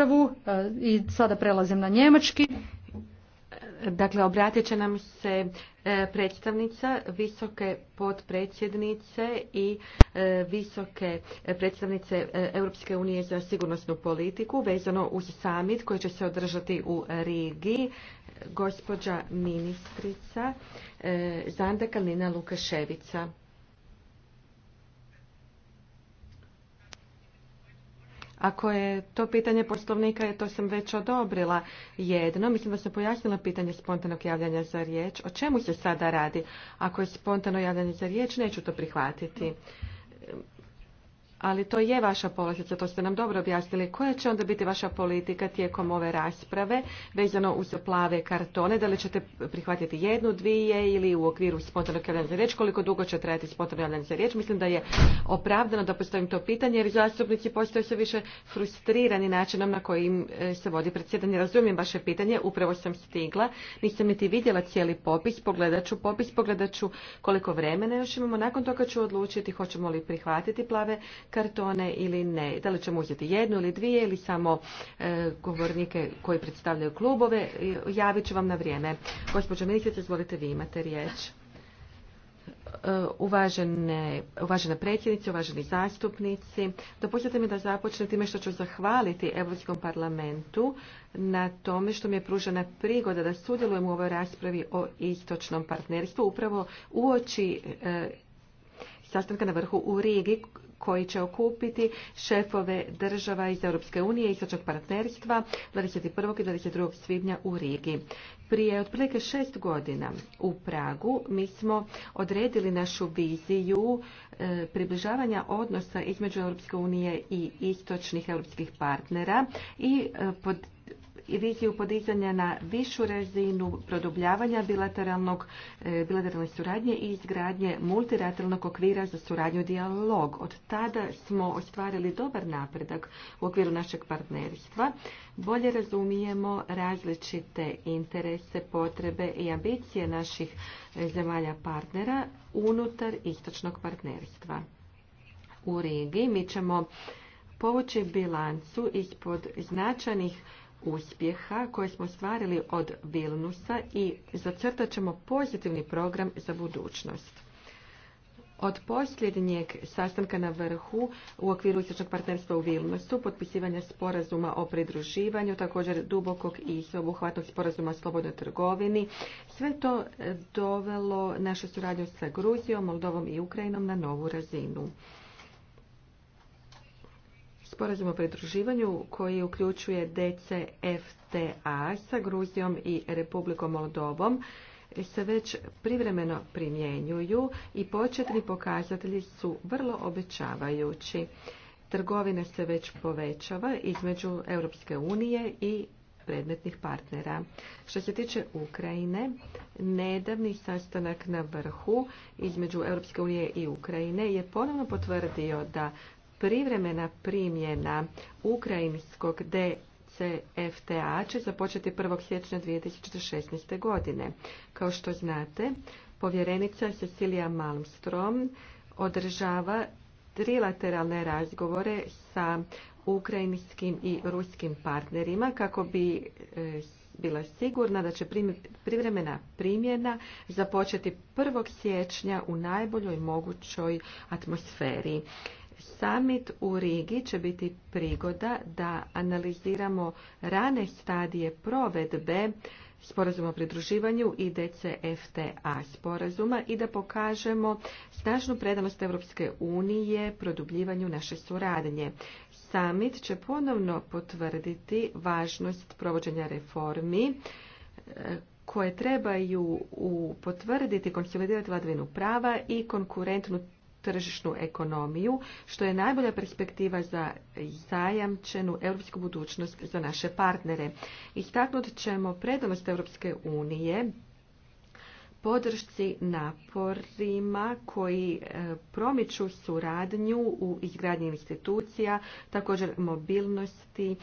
E, i sada prelazim na njemački. Dakle, obratit će nam se e, predstavnica visoke potpredsjednice i e, visoke predstavnice Europske unije za sigurnosnu politiku vezano uz summit koji će se održati u Rigi. Gospođa ministrica Zanda Kalina Lukaševica. Ako je to pitanje poslovnika, je to sam već odobrila jedno. Mislim da sam pojasnila pitanje spontanog javljanja za riječ. O čemu se sada radi? Ako je spontano javljanje za riječ, neću to prihvatiti ali to je vaša povlastica, to ste nam dobro objasnili. Koja će onda biti vaša politika tijekom ove rasprave vezano uz plave kartone? Da li ćete prihvatiti jednu, dvije ili u okviru spontanog javljanja za riječ? Koliko dugo će trajati spontanog javljanja za riječ? Mislim da je opravdano da postavim to pitanje jer zastupnici postoje sve više frustrirani načinom na kojim e, se vodi predsjedanje. Razumijem vaše pitanje, upravo sam stigla, nisam niti vidjela cijeli popis, pogledat ću popis, pogledat ću koliko vremena još imamo. Nakon toga ću odlučiti hoćemo li prihvatiti plave kartone ili ne. Da li ćemo uzeti jednu ili dvije ili samo e, govornike koji predstavljaju klubove. Javit ću vam na vrijeme. Gospođo ministrice, izvolite vi imate riječ. E, uvažene, uvažena predsjednice, uvaženi zastupnici. Dopustite mi da započnem time što ću zahvaliti Europskom parlamentu na tome što mi je pružena prigoda da sudjelujem u ovoj raspravi o istočnom partnerstvu upravo uoči e, sastanka na vrhu u Rigi koji će okupiti šefove država iz Europske unije i istočnog partnerstva 21. i 22. svibnja u Rigi. Prije otprilike šest godina u Pragu mi smo odredili našu viziju e, približavanja odnosa između Europske unije i istočnih europskih partnera i e, pod i viziju podizanja na višu razinu produbljavanja bilateralnog, e, bilateralne suradnje i izgradnje multilateralnog okvira za suradnju dijalog. Od tada smo ostvarili dobar napredak u okviru našeg partnerstva. Bolje razumijemo različite interese, potrebe i ambicije naših e, zemalja partnera unutar istočnog partnerstva. U regiji mi ćemo povući bilancu ispod značajnih uspjeha koje smo stvarili od Vilnusa i zacrtat ćemo pozitivni program za budućnost. Od posljednjeg sastanka na vrhu u okviru istočnog partnerstva u Vilnusu, potpisivanja sporazuma o pridruživanju, također dubokog i sveobuhvatnog sporazuma o slobodnoj trgovini, sve to e, dovelo našu suradnju sa Gruzijom, Moldovom i Ukrajinom na novu razinu sporazum o pridruživanju koji uključuje DCFTA sa Gruzijom i Republikom Moldovom se već privremeno primjenjuju i početni pokazatelji su vrlo obećavajući. Trgovina se već povećava između Europske unije i predmetnih partnera. Što se tiče Ukrajine, nedavni sastanak na vrhu između Europske unije i Ukrajine je ponovno potvrdio da privremena primjena ukrajinskog DCFTA će započeti 1. siječnja 2016. godine. Kao što znate, povjerenica Cecilija Malmstrom održava trilateralne razgovore sa ukrajinskim i ruskim partnerima kako bi e, bila sigurna da će privremena primjena započeti 1. siječnja u najboljoj mogućoj atmosferi. Summit u Rigi će biti prigoda da analiziramo rane stadije provedbe sporazuma o pridruživanju i DCFTA sporazuma i da pokažemo snažnu predanost Europske unije produbljivanju naše suradnje. Samit će ponovno potvrditi važnost provođenja reformi e, koje trebaju potvrditi konsolidirati vladavinu prava i konkurentnu tržišnu ekonomiju, što je najbolja perspektiva za zajamčenu europsku budućnost za naše partnere. Istaknut ćemo predanost Europske unije podršci naporima koji e, promiču suradnju u izgradnji institucija, također mobilnosti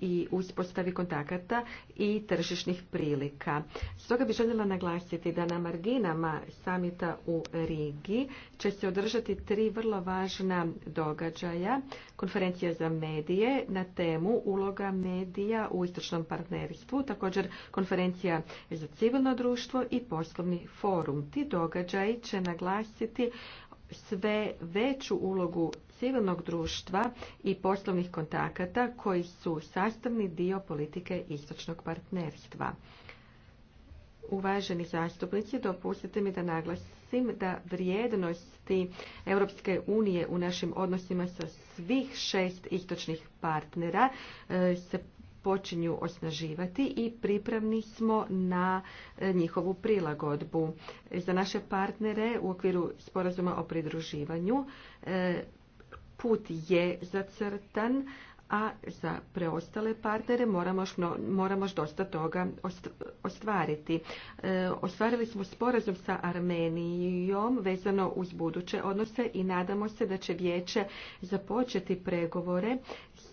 i uspostavi kontakata i tržišnih prilika. Stoga bih željela naglasiti da na marginama samita u Rigi će se održati tri vrlo važna događaja. Konferencija za medije na temu uloga medija u istočnom partnerstvu, također konferencija za civilno društvo i poslovni forum. Ti događaji će naglasiti sve veću ulogu civilnog društva i poslovnih kontakata koji su sastavni dio politike istočnog partnerstva. Uvaženi zastupnici, dopustite mi da naglasim da vrijednosti Europske unije u našim odnosima sa svih šest istočnih partnera e, se počinju osnaživati i pripravni smo na e, njihovu prilagodbu. Za naše partnere u okviru sporazuma o pridruživanju e, put je zacrtan, a za preostale partnere moramo još, dosta toga ostvariti. E, ostvarili smo sporazum sa Armenijom vezano uz buduće odnose i nadamo se da će vijeće započeti pregovore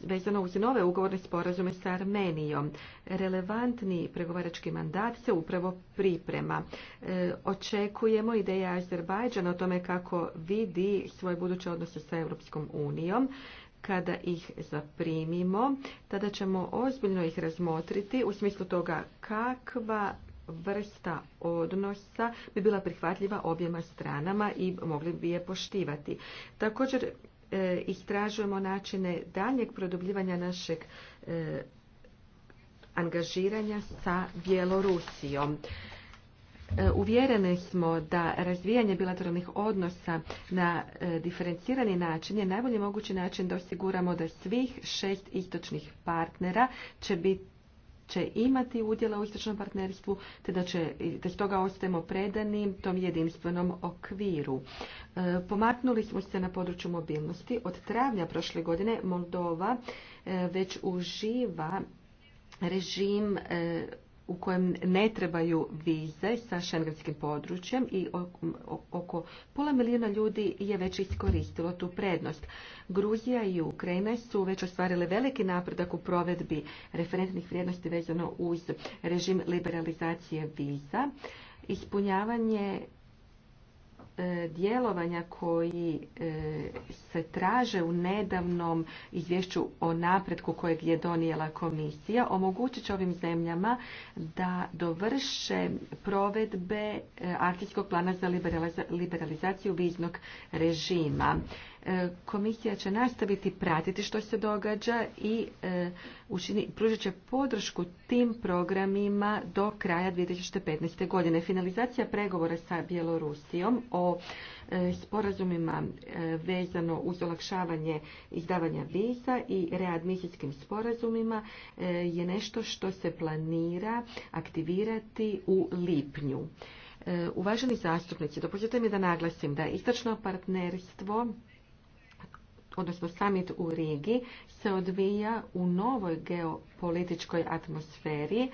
vezano uz nove ugovorne sporazume sa Armenijom. Relevantni pregovarački mandat se upravo priprema. E, očekujemo ideje Azerbajdžana o tome kako vidi svoje buduće odnose sa Europskom unijom kada ih zaprimimo, tada ćemo ozbiljno ih razmotriti u smislu toga kakva vrsta odnosa bi bila prihvatljiva objema stranama i mogli bi je poštivati. Također E, istražujemo načine daljeg produbljivanja našeg e, angažiranja sa Bjelorusijom. E, uvjereni smo da razvijanje bilateralnih odnosa na diferencirani način je najbolji mogući način da osiguramo da svih šest istočnih partnera će biti će imati udjela u istočnom partnerstvu, te da će, te stoga ostajemo predani tom jedinstvenom okviru. E, pomaknuli smo se na području mobilnosti. Od travnja prošle godine Moldova e, već uživa režim e, u kojem ne trebaju vize sa šengenskim područjem i oko pola milijuna ljudi je već iskoristilo tu prednost. Gruzija i Ukrajina su već ostvarile veliki napredak u provedbi referentnih vrijednosti vezano uz režim liberalizacije viza. Ispunjavanje E, djelovanja koji e, se traže u nedavnom izvješću o napretku kojeg je donijela komisija omogućit će ovim zemljama da dovrše provedbe e, akcijskog plana za liberalizaciju viznog režima. E, komisija će nastaviti pratiti što se događa i e, učini, pružit će podršku tim programima do kraja 2015. godine. Finalizacija pregovora sa Bjelorusijom o e, sporazumima vezano uz olakšavanje izdavanja viza i readmisijskim sporazumima je nešto što se planira aktivirati u lipnju. Uvaženi zastupnici, dopustite mi da naglasim da istočno partnerstvo odnosno summit u Rigi se odvija u novoj geopolitičkoj atmosferi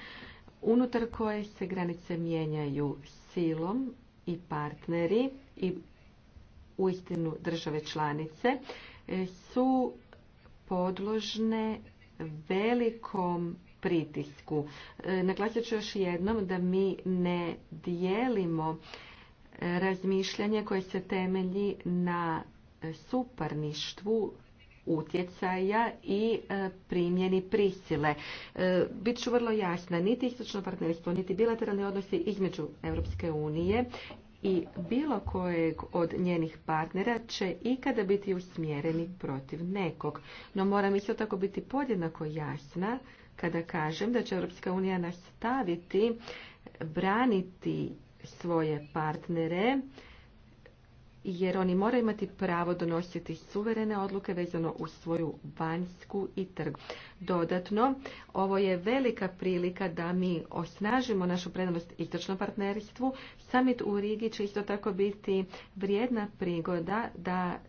unutar koje se granice mijenjaju silom i partneri i uistinu države članice e, su podložne velikom pritisku. E, naglasit ću još jednom da mi ne dijelimo e, razmišljanje koje se temelji na suparništvu utjecaja i e, primjeni prisile. E, bit ću vrlo jasna, niti istočno partnerstvo, niti bilateralni odnosi između Europske unije i bilo kojeg od njenih partnera će ikada biti usmjereni protiv nekog. No moram isto tako biti podjednako jasna kada kažem da će Europska unija nastaviti braniti svoje partnere jer oni moraju imati pravo donositi suverene odluke vezano u svoju vanjsku i trg. Dodatno, ovo je velika prilika da mi osnažimo našu predanost istočnom partnerstvu. Summit u Rigi će isto tako biti vrijedna prigoda da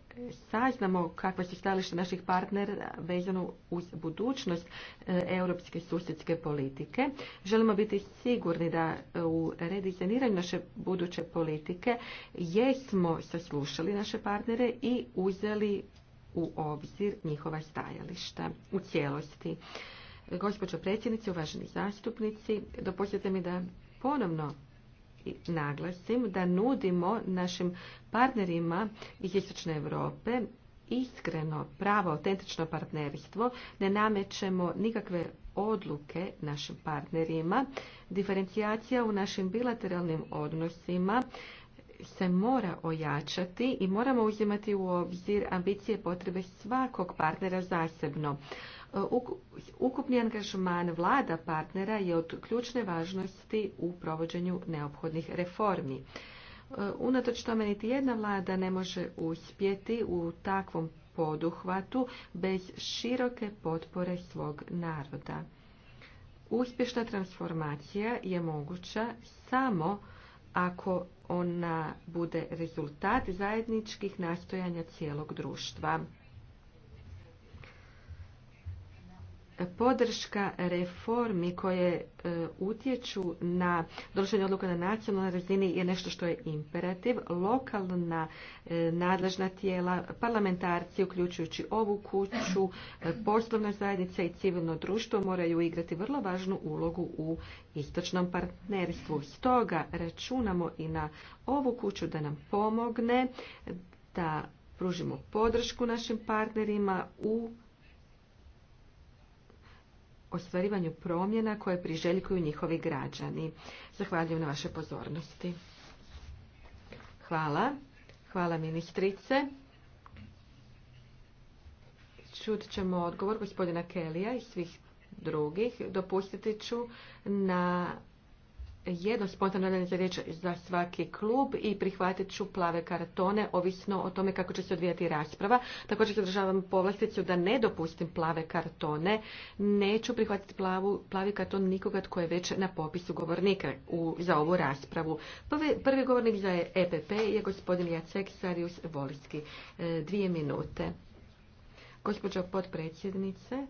saznamo kakva su stajališta naših partnera vezano uz budućnost e, europske susjedske politike. Želimo biti sigurni da e, u redizajniranju naše buduće politike jesmo saslušali naše partnere i uzeli u obzir njihova stajališta u cijelosti. Gospođo predsjednice, uvaženi zastupnici, dopustite mi da ponovno naglasim da nudimo našim partnerima iz Istočne Europe iskreno, pravo, autentično partnerstvo, ne namećemo nikakve odluke našim partnerima. Diferencijacija u našim bilateralnim odnosima se mora ojačati i moramo uzimati u obzir ambicije potrebe svakog partnera zasebno. Uh, ukupni angažman vlada partnera je od ključne važnosti u provođenju neophodnih reformi. Uh, unatoč tome niti jedna vlada ne može uspjeti u takvom poduhvatu bez široke potpore svog naroda. Uspješna transformacija je moguća samo ako ona bude rezultat zajedničkih nastojanja cijelog društva. podrška reformi koje e, utječu na donošenje odluka na nacionalnoj razini je nešto što je imperativ. Lokalna e, nadležna tijela, parlamentarci, uključujući ovu kuću, e, poslovna zajednica i civilno društvo moraju igrati vrlo važnu ulogu u istočnom partnerstvu. Stoga računamo i na ovu kuću da nam pomogne da pružimo podršku našim partnerima u ostvarivanju promjena koje priželjkuju njihovi građani. Zahvaljujem na vaše pozornosti. Hvala. Hvala ministrice. Čut ćemo odgovor gospodina Kelija i svih drugih. Dopustiti ću na jedno spontano nadanje za riječ za svaki klub i prihvatit ću plave kartone, ovisno o tome kako će se odvijati rasprava. Također zadržavam povlasticu da ne dopustim plave kartone. Neću prihvatiti plavi karton nikoga tko je već na popisu govornika za ovu raspravu. Prvi, govornik za EPP je gospodin Jacek Sarius Volski. E, dvije minute. Gospođo potpredsjednice,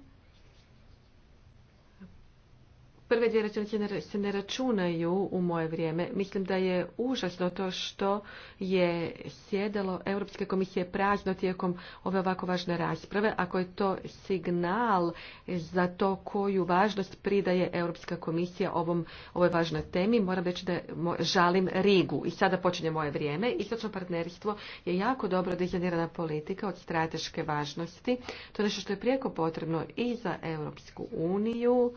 prve dvije rečenice se ne računaju u moje vrijeme. Mislim da je užasno to što je sjedalo Europske komisije prazno tijekom ove ovako važne rasprave. Ako je to signal za to koju važnost pridaje Europska komisija ovom, ovoj važnoj temi, moram reći da žalim Rigu. I sada počinje moje vrijeme. Istočno partnerstvo je jako dobro dizajnirana politika od strateške važnosti. To je nešto što je prijeko potrebno i za Europsku uniju,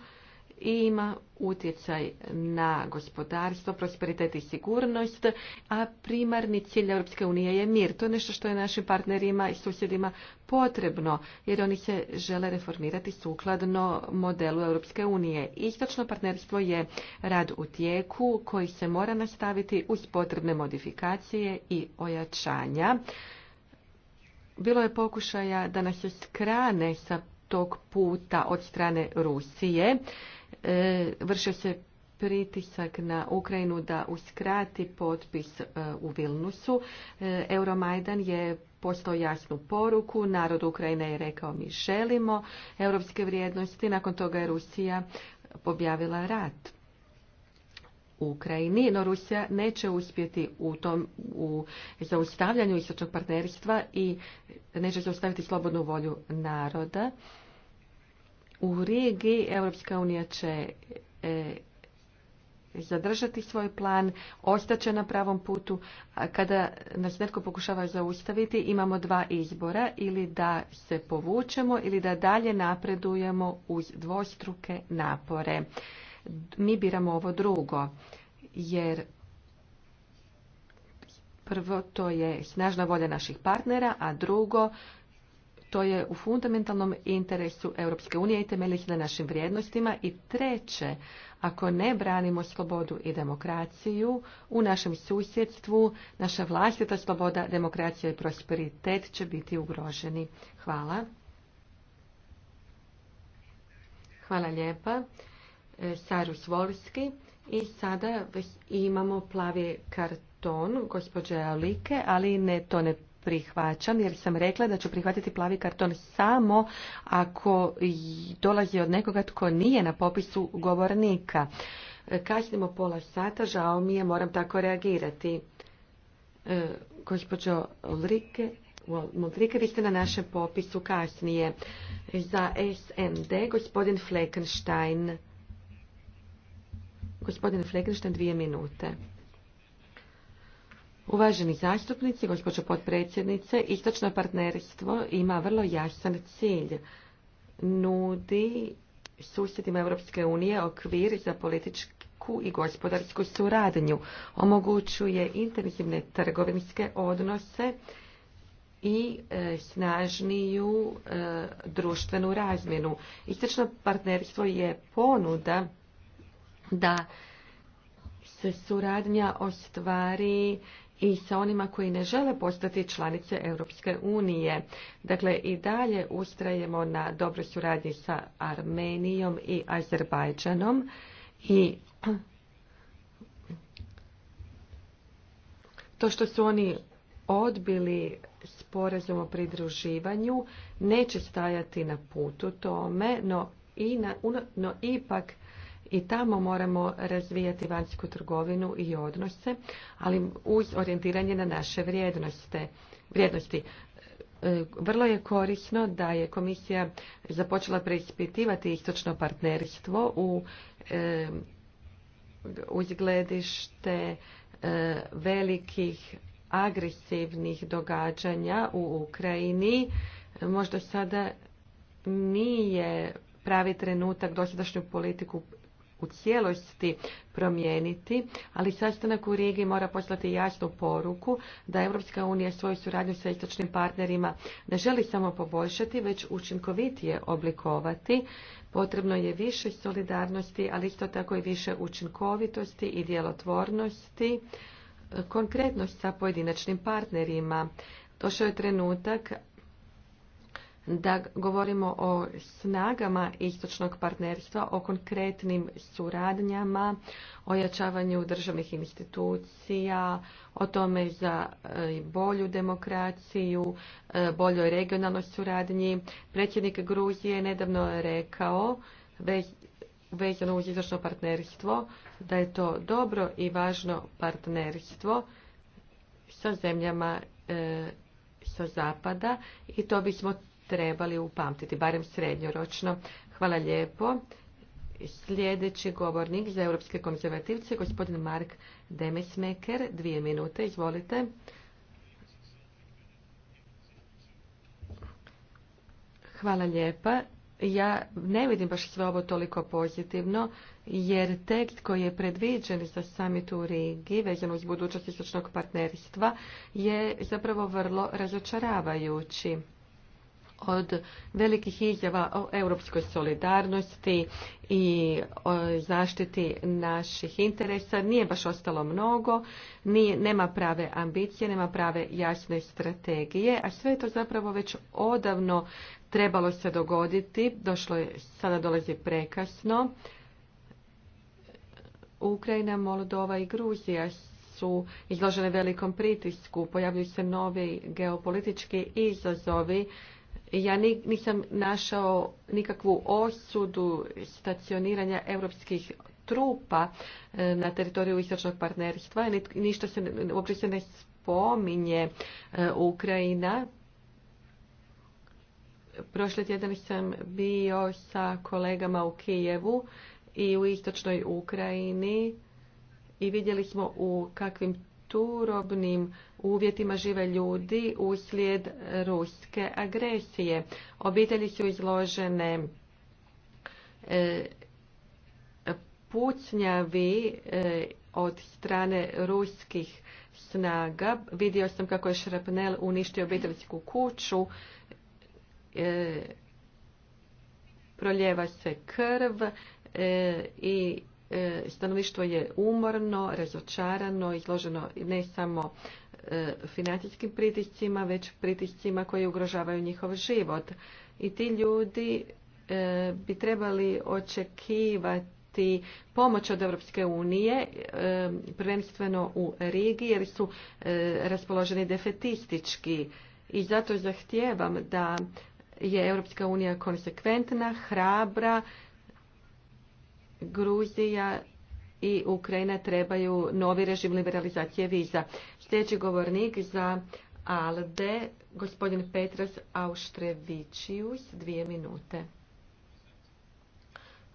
ima utjecaj na gospodarstvo, prosperitet i sigurnost, a primarni cilj Europske unije je mir. To je nešto što je našim partnerima i susjedima potrebno, jer oni se žele reformirati sukladno modelu Europske unije. Istočno partnerstvo je rad u tijeku koji se mora nastaviti uz potrebne modifikacije i ojačanja. Bilo je pokušaja da nas se skrane sa tog puta od strane Rusije. E, vršio se pritisak na Ukrajinu da uskrati potpis e, u Vilnusu. E, Euromajdan je postao jasnu poruku, narod Ukrajine je rekao mi želimo europske vrijednosti, nakon toga je Rusija objavila rat. Ukrajini, no Rusija neće uspjeti u tom u zaustavljanju istočnog partnerstva i neće zaustaviti slobodnu volju naroda u regiji Europska unija će e, zadržati svoj plan, ostaće na pravom putu. kada nas netko pokušava zaustaviti, imamo dva izbora, ili da se povučemo ili da dalje napredujemo uz dvostruke napore. Mi biramo ovo drugo, jer prvo to je snažna volja naših partnera, a drugo to je u fundamentalnom interesu Europske unije i temeljih na našim vrijednostima. I treće, ako ne branimo slobodu i demokraciju, u našem susjedstvu naša vlastita sloboda, demokracija i prosperitet će biti ugroženi. Hvala. Hvala lijepa. E, Sarus Volski. I sada imamo plavi karton gospođe Alike, ali ne, to ne prihvaćam jer sam rekla da ću prihvatiti plavi karton samo ako dolazi od nekoga tko nije na popisu govornika. Kasnimo pola sata, žao mi je, moram tako reagirati. E, gospođo Ulrike, Ulrike, vi ste na našem popisu kasnije. Za SND, gospodin Fleckenstein. Gospodin Fleckenstein, dvije minute. Uvaženi zastupnici, gospođo potpredsjednice, istočno partnerstvo ima vrlo jasan cilj. Nudi susjedima Europske unije okvir za političku i gospodarsku suradnju. Omogućuje intenzivne trgovinske odnose i e, snažniju e, društvenu razmjenu. Istočno partnerstvo je ponuda da se suradnja ostvari i sa onima koji ne žele postati članice Europske unije. Dakle, i dalje ustrajemo na dobroj suradnji sa Armenijom i Azerbajdžanom i to što su oni odbili sporazum o pridruživanju neće stajati na putu tome, no, i no ipak i tamo moramo razvijati vanjsku trgovinu i odnose, ali uz orijentiranje na naše vrijednosti. E, vrlo je korisno da je komisija započela preispitivati istočno partnerstvo u e, uzgledište e, velikih agresivnih događanja u Ukrajini. Možda sada nije pravi trenutak dosadašnju politiku u cijelosti promijeniti, ali sastanak u Rigi mora poslati jasnu poruku da Europska unija svoju suradnju sa istočnim partnerima ne želi samo poboljšati, već učinkovitije oblikovati. Potrebno je više solidarnosti, ali isto tako i više učinkovitosti i djelotvornosti, e, konkretnost sa pojedinačnim partnerima. Došao je trenutak da govorimo o snagama istočnog partnerstva, o konkretnim suradnjama, o jačavanju državnih institucija, o tome za e, bolju demokraciju, e, boljoj regionalnoj suradnji. Predsjednik Gruzije nedavno je rekao vezano uz istočno partnerstvo da je to dobro i važno partnerstvo sa zemljama e, sa zapada i to bismo trebali upamtiti, barem srednjoročno. Hvala lijepo. Sljedeći govornik za europske konzervativce, gospodin Mark Demesmeker, dvije minute, izvolite. Hvala lijepa. Ja ne vidim baš sve ovo toliko pozitivno, jer tekst koji je predviđen za summit u Rigi, vezan uz budućnost istočnog partnerstva, je zapravo vrlo razočaravajući od velikih izjava o europskoj solidarnosti i zaštiti naših interesa nije baš ostalo mnogo, nije, nema prave ambicije, nema prave jasne strategije, a sve je to zapravo već odavno trebalo se dogoditi, došlo je, sada dolazi prekasno. Ukrajina, Moldova i Gruzija su izložene velikom pritisku, pojavljuju se novi geopolitički izazovi ja nisam našao nikakvu osudu stacioniranja europskih trupa e, na teritoriju istočnog partnerstva. Ništa se, uopće se ne spominje e, Ukrajina. Prošle tjedan sam bio sa kolegama u Kijevu i u istočnoj Ukrajini i vidjeli smo u kakvim turobnim uvjetima žive ljudi uslijed ruske agresije. Obitelji su izložene e, pucnjavi e, od strane ruskih snaga. Vidio sam kako je šrapnel uništio obiteljsku kuću. E, Proljeva se krv i stanovništvo je umorno, razočarano, izloženo ne samo E, financijskim pritiscima, već pritiscima koji ugrožavaju njihov život. I ti ljudi e, bi trebali očekivati pomoć od Europske unije, e, prvenstveno u Rigi, jer su raspoloženi defetistički. I zato zahtijevam da je Europska unija konsekventna, hrabra, Gruzija i Ukrajina trebaju novi režim liberalizacije viza. Sljedeći govornik za ALDE, gospodin Petras Auštrevičius, dvije minute.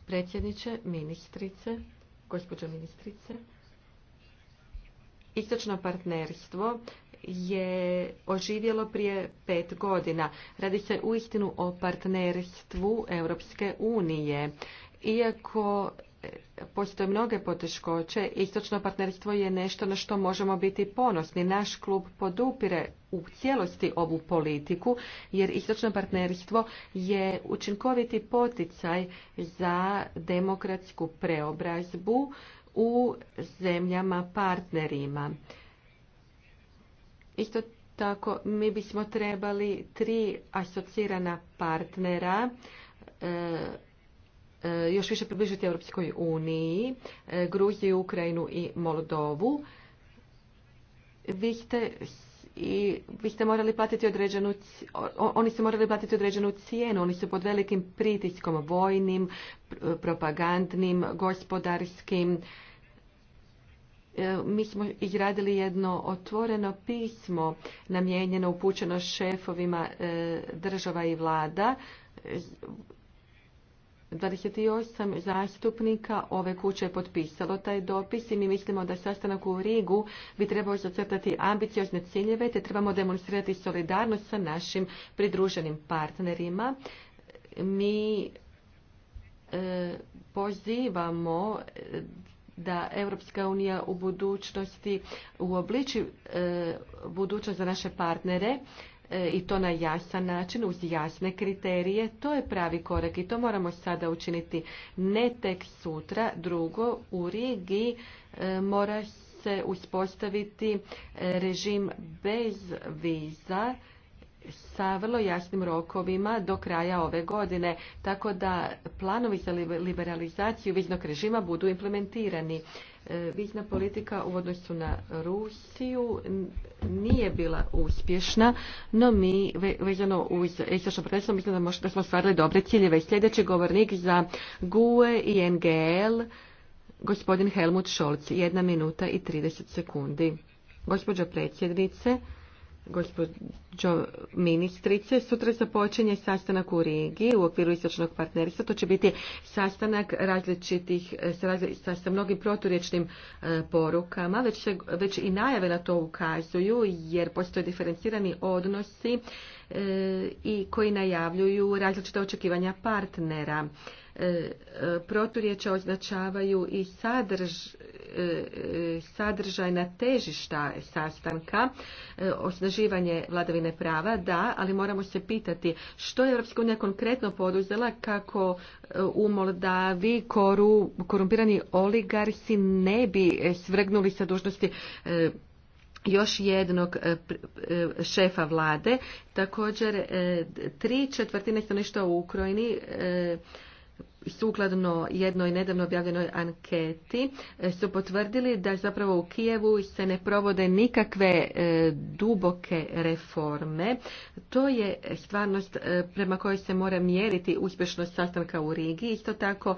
Predsjedniče, ministrice, gospođo ministrice, istočno partnerstvo je oživjelo prije pet godina. Radi se uistinu o partnerstvu Europske unije. Iako postoje mnoge poteškoće. Istočno partnerstvo je nešto na što možemo biti ponosni. Naš klub podupire u cijelosti ovu politiku jer istočno partnerstvo je učinkoviti poticaj za demokratsku preobrazbu u zemljama partnerima. Isto tako mi bismo trebali tri asocirana partnera e, E, još više približiti Europskoj uniji, e, Gruziju, Ukrajinu i Moldovu. Vi ste i vi ste morali platiti određenu, oni su morali platiti određenu cijenu, oni su pod velikim pritiskom vojnim, propagandnim, gospodarskim. E, mi smo izradili jedno otvoreno pismo namijenjeno upućeno šefovima država i vlada 28 zastupnika ove kuće je potpisalo taj dopis i mi mislimo da sastanak u Rigu bi trebao zacrtati ambiciozne ciljeve te trebamo demonstrirati solidarnost sa našim pridruženim partnerima. Mi e, pozivamo da Europska unija u budućnosti uobliči e, budućnost za naše partnere E, i to na jasan način, uz jasne kriterije. To je pravi korak i to moramo sada učiniti ne tek sutra. Drugo, u Rigi e, mora se uspostaviti režim bez viza sa vrlo jasnim rokovima do kraja ove godine, tako da planovi za liberalizaciju viznog režima budu implementirani. E, vizna politika u odnosu na Rusiju nije bila uspješna, no mi vezano uz istočno predstvo mislim da, smo stvarili dobre ciljeve. Sljedeći govornik za GUE i NGL, gospodin Helmut Scholz, jedna minuta i 30 sekundi. Gospođo predsjednice, gospođo ministrice. Sutra započinje sastanak u Rigi u okviru istočnog partnerstva. To će biti sastanak različitih, sa, sa mnogim proturječnim e, porukama. Već, već i najave na to ukazuju jer postoje diferencirani odnosi e, i koji najavljuju različita očekivanja partnera. E, e, proturječa označavaju i sadržaj e, sadržajna težišta sastanka, osnaživanje vladavine prava, da, ali moramo se pitati što je Europska unija konkretno poduzela kako u Moldavi koru, korumpirani oligarsi ne bi svrgnuli sa dužnosti još jednog šefa vlade. Također, tri četvrtine nešto u Ukrajini sukladno jednoj nedavno objavljenoj anketi e, su potvrdili da zapravo u Kijevu se ne provode nikakve e, duboke reforme. To je stvarnost e, prema kojoj se mora mjeriti uspješnost sastanka u Rigi. Isto tako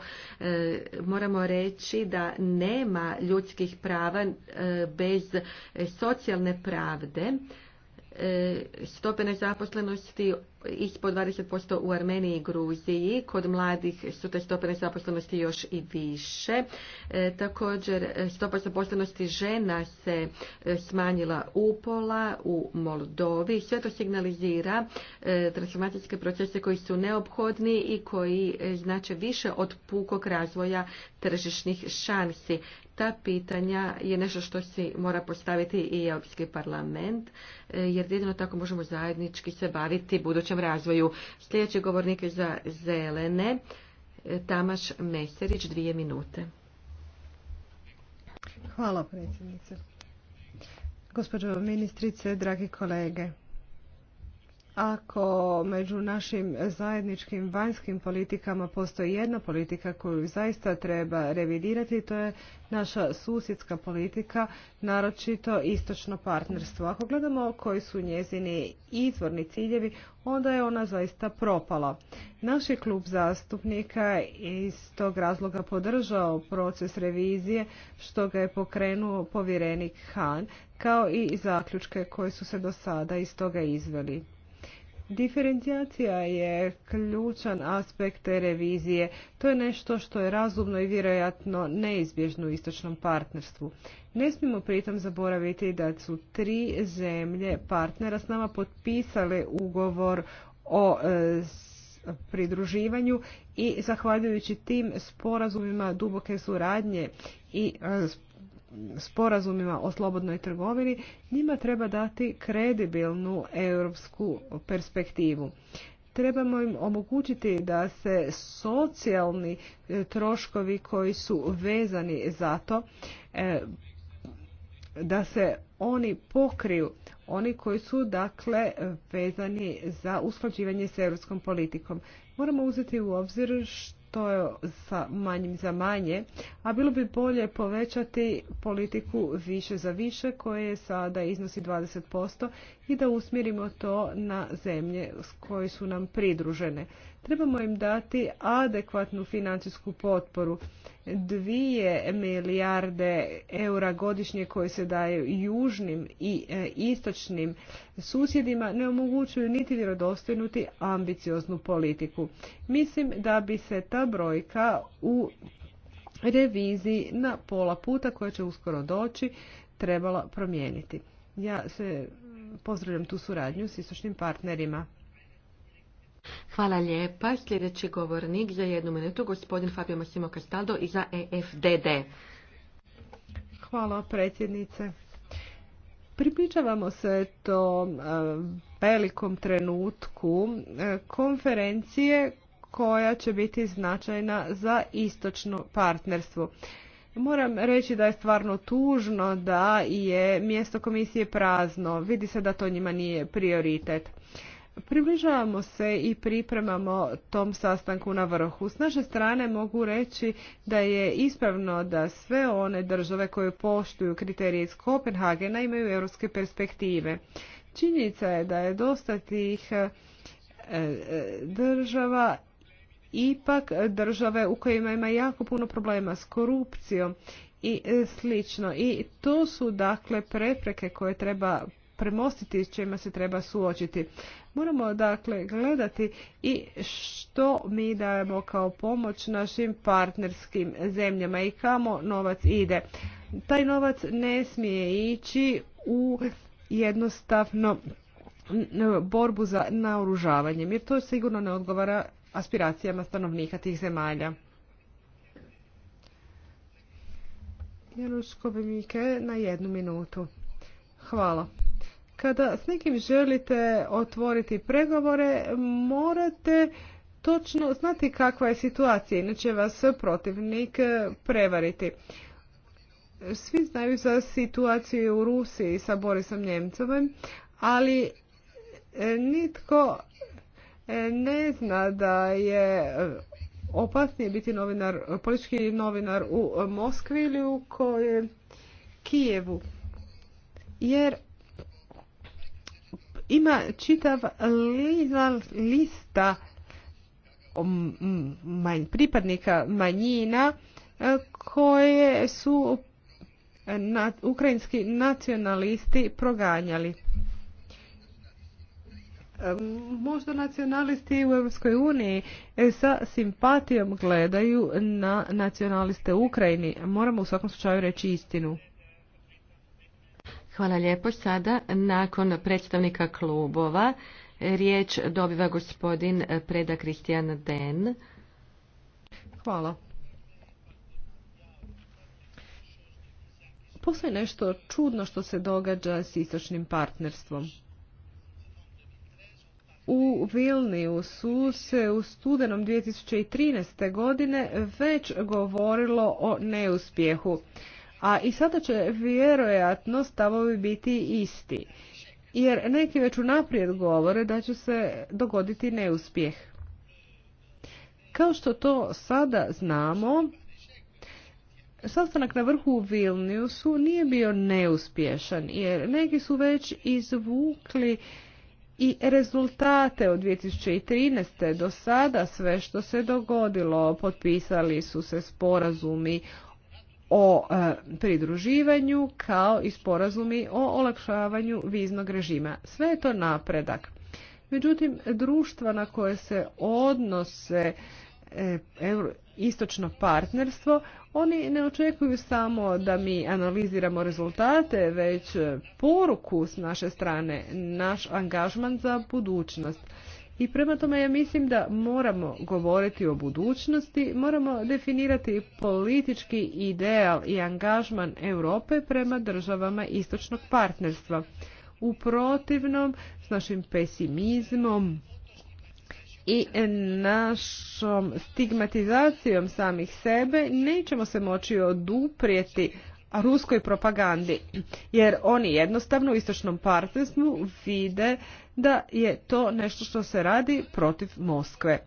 moramo reći da nema ljudskih prava bez socijalne pravde. E, stope nezaposlenosti ispod 20% u Armeniji i Gruziji. Kod mladih su te stope nezaposlenosti još i više. E, također, e, stopa zaposlenosti žena se smanjila upola u Moldovi. Sve to signalizira transformacijske procese koji su neophodni i koji znače više od pukog razvoja tržišnih šansi ta pitanja je nešto što si mora postaviti i Europski parlament, e, jer jedino tako možemo zajednički se baviti budućem razvoju. Sljedeći govornik je za zelene, e, Tamaš Meserić, dvije minute. Hvala predsjednice. Gospođo ministrice, dragi kolege ako među našim zajedničkim vanjskim politikama postoji jedna politika koju zaista treba revidirati, to je naša susjedska politika, naročito istočno partnerstvo. Ako gledamo koji su njezini izvorni ciljevi, onda je ona zaista propala. Naš je klub zastupnika iz tog razloga podržao proces revizije što ga je pokrenuo povjerenik Han, kao i zaključke koje su se do sada iz toga izveli. Diferencijacija je ključan aspekt revizije. To je nešto što je razumno i vjerojatno neizbježno u istočnom partnerstvu. Ne smijemo pritom zaboraviti da su tri zemlje partnera s nama potpisale ugovor o e, pridruživanju i zahvaljujući tim sporazumima duboke suradnje i e, sporazumima o slobodnoj trgovini, njima treba dati kredibilnu europsku perspektivu. Trebamo im omogućiti da se socijalni e, troškovi koji su vezani za to, e, da se oni pokriju, oni koji su dakle vezani za usklađivanje s europskom politikom. Moramo uzeti u obzir što to je sa manjim za manje, a bilo bi bolje povećati politiku više za više koje sada iznosi 20% i da usmjerimo to na zemlje koje su nam pridružene. Trebamo im dati adekvatnu financijsku potporu. Dvije milijarde eura godišnje koje se daju južnim i e, istočnim susjedima ne omogućuju niti vjerodostojnu ambicioznu politiku. Mislim da bi se ta brojka u reviziji na pola puta koja će uskoro doći trebala promijeniti. Ja se pozdravljam tu suradnju s istočnim partnerima. Hvala lijepa. Sljedeći govornik za jednu minutu, gospodin Fabio Massimo Castaldo i za EFDD. Hvala predsjednice. Pripričavamo se to e, velikom trenutku e, konferencije koja će biti značajna za istočno partnerstvo. Moram reći da je stvarno tužno da je mjesto komisije prazno. Vidi se da to njima nije prioritet. Približavamo se i pripremamo tom sastanku na vrhu. S naše strane mogu reći da je ispravno da sve one države koje poštuju kriterije iz Kopenhagena imaju europske perspektive. Činjenica je da je dosta tih e, e, država ipak države u kojima ima jako puno problema s korupcijom i e, slično. I to su dakle prepreke koje treba premostiti s čima se treba suočiti. Moramo dakle gledati i što mi dajemo kao pomoć našim partnerskim zemljama i kamo novac ide. Taj novac ne smije ići u jednostavno borbu za naoružavanje jer to sigurno ne odgovara aspiracijama stanovnika tih zemalja. Januško bi na jednu minutu. Hvala. Kada s nekim želite otvoriti pregovore, morate točno znati kakva je situacija, inače vas protivnik prevariti. Svi znaju za situaciju u Rusiji sa Borisom Njemcovem, ali e, nitko e, ne zna da je opasnije biti novinar, politički novinar u Moskvi ili u koje Kijevu. Jer ima čitav lista um, pripadnika manjina uh, koje su ukrajinski nacionalisti proganjali. Um, možda nacionalisti u Europskoj uniji e, sa simpatijom gledaju na nacionaliste Ukrajini. Moramo u svakom slučaju reći istinu. Hvala lijepo. Sada, nakon predstavnika klubova, riječ dobiva gospodin Preda Kristijan Den. Hvala. Postoji nešto čudno što se događa s istočnim partnerstvom. U Vilniusu se u studenom 2013. godine već govorilo o neuspjehu. A i sada će vjerojatno stavovi biti isti. Jer neki već unaprijed govore da će se dogoditi neuspjeh. Kao što to sada znamo, sastanak na vrhu u Vilniusu nije bio neuspješan, jer neki su već izvukli i rezultate od 2013. do sada sve što se dogodilo. Potpisali su se sporazumi o e, pridruživanju kao i sporazumi o olakšavanju viznog režima. Sve je to napredak. Međutim, društva na koje se odnose e, istočno partnerstvo, oni ne očekuju samo da mi analiziramo rezultate, već poruku s naše strane, naš angažman za budućnost. I prema tome ja mislim da moramo govoriti o budućnosti, moramo definirati politički ideal i angažman Europe prema državama istočnog partnerstva. U protivnom, s našim pesimizmom i našom stigmatizacijom samih sebe, nećemo se moći oduprijeti ruskoj propagandi. Jer oni jednostavno u istočnom partnerstvu vide da je to nešto što se radi protiv Moskve.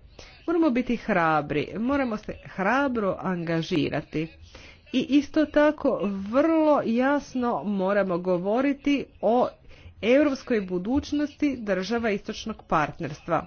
Moramo biti hrabri, moramo se hrabro angažirati. I isto tako vrlo jasno moramo govoriti o europskoj budućnosti država istočnog partnerstva.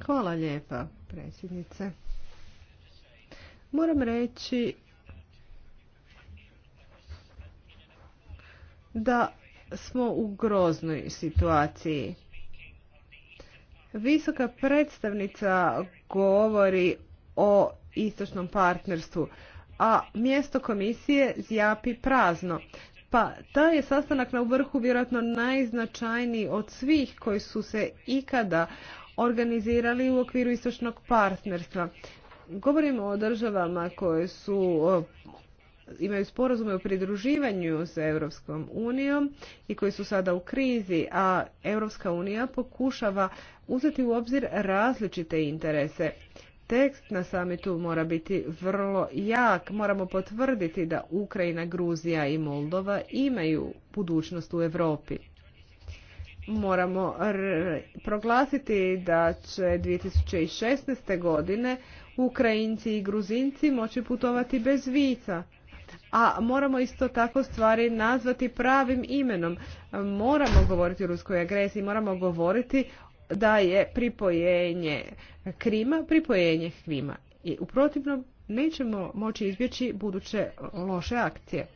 Hvala lijepa, predsjednice. Moram reći da smo u groznoj situaciji. Visoka predstavnica govori o istočnom partnerstvu, a mjesto komisije zjapi prazno. Pa taj je sastanak na vrhu vjerojatno najznačajniji od svih koji su se ikada organizirali u okviru istočnog partnerstva. Govorimo o državama koje su imaju sporazume o pridruživanju s Europskom unijom i koji su sada u krizi, a Europska unija pokušava uzeti u obzir različite interese. Tekst na samitu mora biti vrlo jak. Moramo potvrditi da Ukrajina, Gruzija i Moldova imaju budućnost u Europi moramo proglasiti da će 2016. godine Ukrajinci i Gruzinci moći putovati bez vica. A moramo isto tako stvari nazvati pravim imenom. Moramo govoriti o ruskoj agresiji, moramo govoriti da je pripojenje Krima, pripojenje hvima I u protivnom nećemo moći izbjeći buduće loše akcije.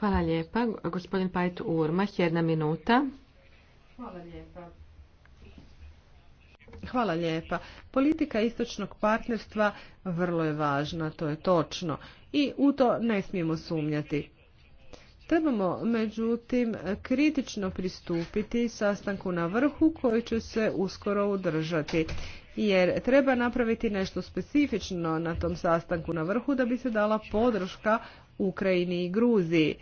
Hvala lijepa. Gospodin Pajt Urmah, jedna minuta. Hvala lijepa. Hvala lijepa. Politika istočnog partnerstva vrlo je važna, to je točno. I u to ne smijemo sumnjati. Trebamo, međutim, kritično pristupiti sastanku na vrhu koji će se uskoro održati. Jer treba napraviti nešto specifično na tom sastanku na vrhu da bi se dala podrška Ukrajini i Gruziji.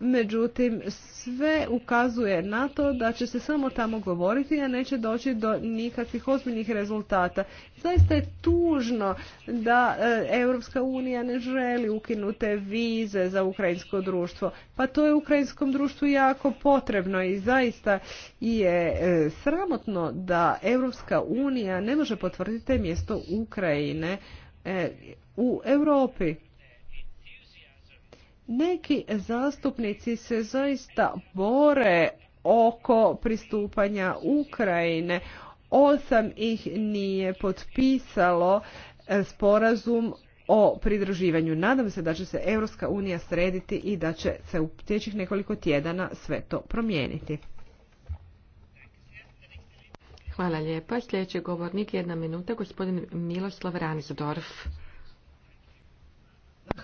Međutim, sve ukazuje na to da će se samo tamo govoriti, a neće doći do nikakvih ozbiljnih rezultata. Zaista je tužno da e, Europska unija ne želi ukinute vize za ukrajinsko društvo. Pa to je ukrajinskom društvu jako potrebno i zaista je e, sramotno da Europska unija ne može potvrditi mjesto Ukrajine e, u Europi. Neki zastupnici se zaista bore oko pristupanja Ukrajine. Osam ih nije potpisalo e, sporazum o pridruživanju. Nadam se da će se Europska unija srediti i da će se u sljedećih nekoliko tjedana sve to promijeniti. Hvala lijepa. Sljedeći govornik jedna minuta, gospodin Miloslav Slavranizdorf.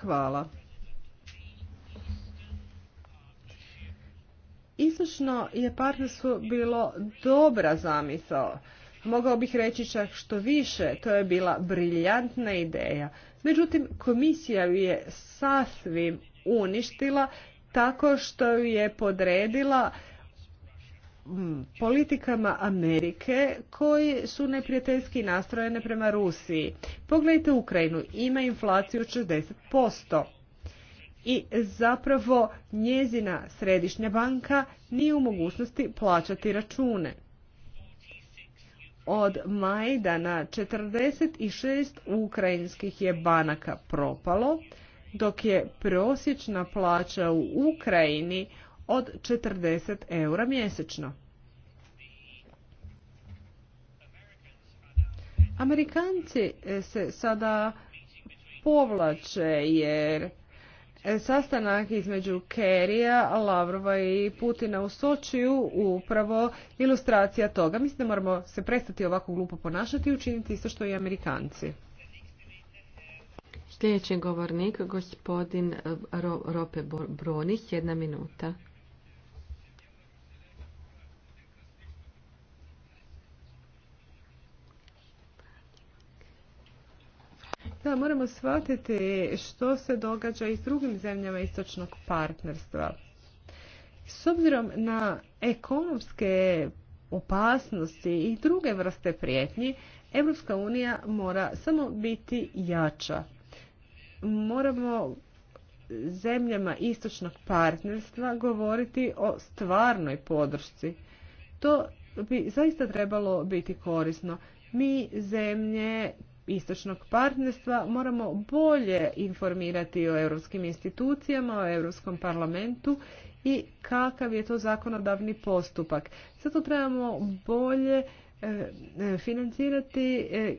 Hvala. Istočno je partnerstvo bilo dobra zamisao. Mogao bih reći čak što više, to je bila briljantna ideja. Međutim, komisija ju je sasvim uništila tako što ju je podredila mm, politikama Amerike koji su neprijateljski nastrojene prema Rusiji. Pogledajte Ukrajinu, ima inflaciju 60% i zapravo njezina središnja banka nije u mogućnosti plaćati račune. Od Majdana 46 ukrajinskih je banaka propalo, dok je prosječna plaća u Ukrajini od 40 eura mjesečno. Amerikanci se sada povlače jer E, sastanak između Kerija, Lavrova i Putina u Sočiju upravo ilustracija toga. Mislim da moramo se prestati ovako glupo ponašati i učiniti isto što i Amerikanci. Sljedeći govornik, gospodin Rope bronih jedna minuta. Da, moramo shvatiti što se događa i s drugim zemljama istočnog partnerstva. S obzirom na ekonomske opasnosti i druge vrste prijetnji, Evropska unija mora samo biti jača. Moramo zemljama istočnog partnerstva govoriti o stvarnoj podršci. To bi zaista trebalo biti korisno. Mi zemlje istočnog partnerstva moramo bolje informirati o europskim institucijama, o Europskom parlamentu i kakav je to zakonodavni postupak. Zato trebamo bolje e, e, financirati e,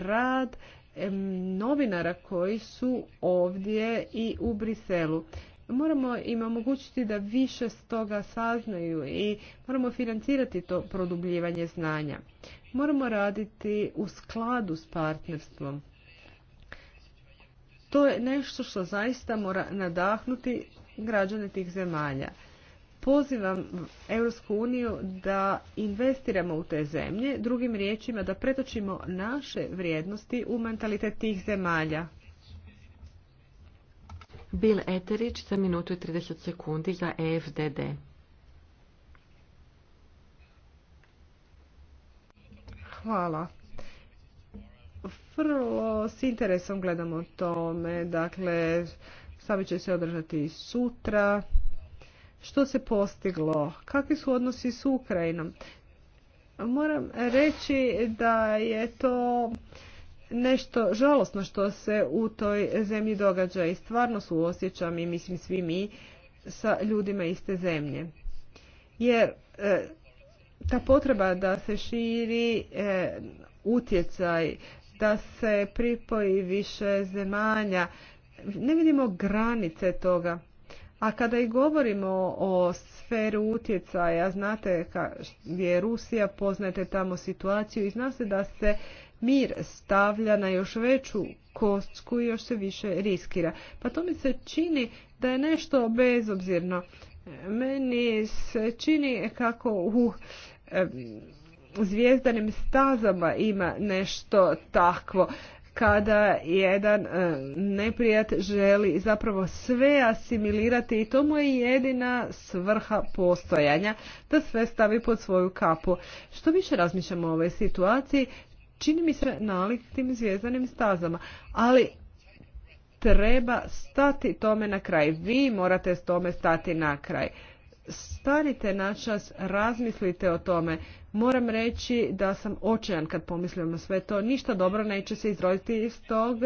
rad novinara koji su ovdje i u Briselu moramo im omogućiti da više stoga saznaju i moramo financirati to produbljivanje znanja. Moramo raditi u skladu s partnerstvom. To je nešto što zaista mora nadahnuti građane tih zemalja. Pozivam Europsku uniju da investiramo u te zemlje, drugim riječima da pretočimo naše vrijednosti u mentalitet tih zemalja. Bil Eterić za minutu i 30 sekundi za EFDD. Hvala. Vrlo s interesom gledamo tome. Dakle, sami će se održati sutra. Što se postiglo? Kakvi su odnosi s Ukrajinom? Moram reći da je to nešto žalosno što se u toj zemlji događa i stvarno su osjećam i mislim svi mi sa ljudima iste zemlje. Jer e, ta potreba da se širi e, utjecaj, da se pripoji više zemalja, ne vidimo granice toga. A kada i govorimo o sferu utjecaja, znate gdje je Rusija, poznate tamo situaciju i zna se da se mir stavlja na još veću kostku i još se više riskira. Pa to mi se čini da je nešto bezobzirno. Meni se čini kako u zvijezdanim stazama ima nešto takvo kada jedan neprijat želi zapravo sve asimilirati i to mu je jedina svrha postojanja da sve stavi pod svoju kapu. Što više razmišljamo o ovoj situaciji, čini mi se nalik tim zvijezdanim stazama. Ali treba stati tome na kraj. Vi morate s tome stati na kraj. Stanite na čas, razmislite o tome. Moram reći da sam očajan kad pomislim sve to. Ništa dobro neće se izroditi iz tog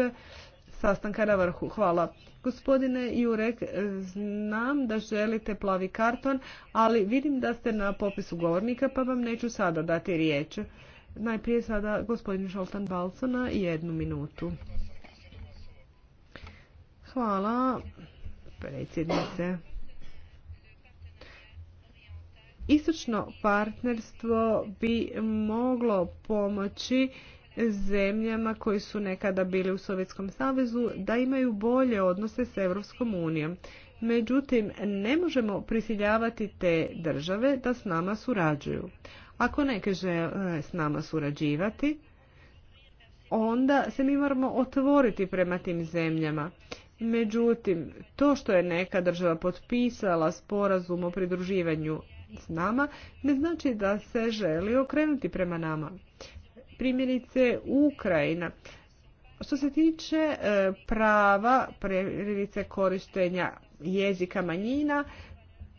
sastanka na vrhu. Hvala. Gospodine Jurek, znam da želite plavi karton, ali vidim da ste na popisu govornika, pa vam neću sada dati riječ. Najprije sada gospodin Šoltan Balcona jednu minutu. Hvala predsjednice. Istočno partnerstvo bi moglo pomoći zemljama koji su nekada bili u Sovjetskom savezu da imaju bolje odnose s Europskom unijom. Međutim, ne možemo prisiljavati te države da s nama surađuju. Ako neke žele s nama surađivati, onda se mi moramo otvoriti prema tim zemljama. Međutim, to što je neka država potpisala sporazum o pridruživanju s nama, ne znači da se želi okrenuti prema nama. Primjerice Ukrajina. Što se tiče e, prava, primjerice korištenja jezika manjina,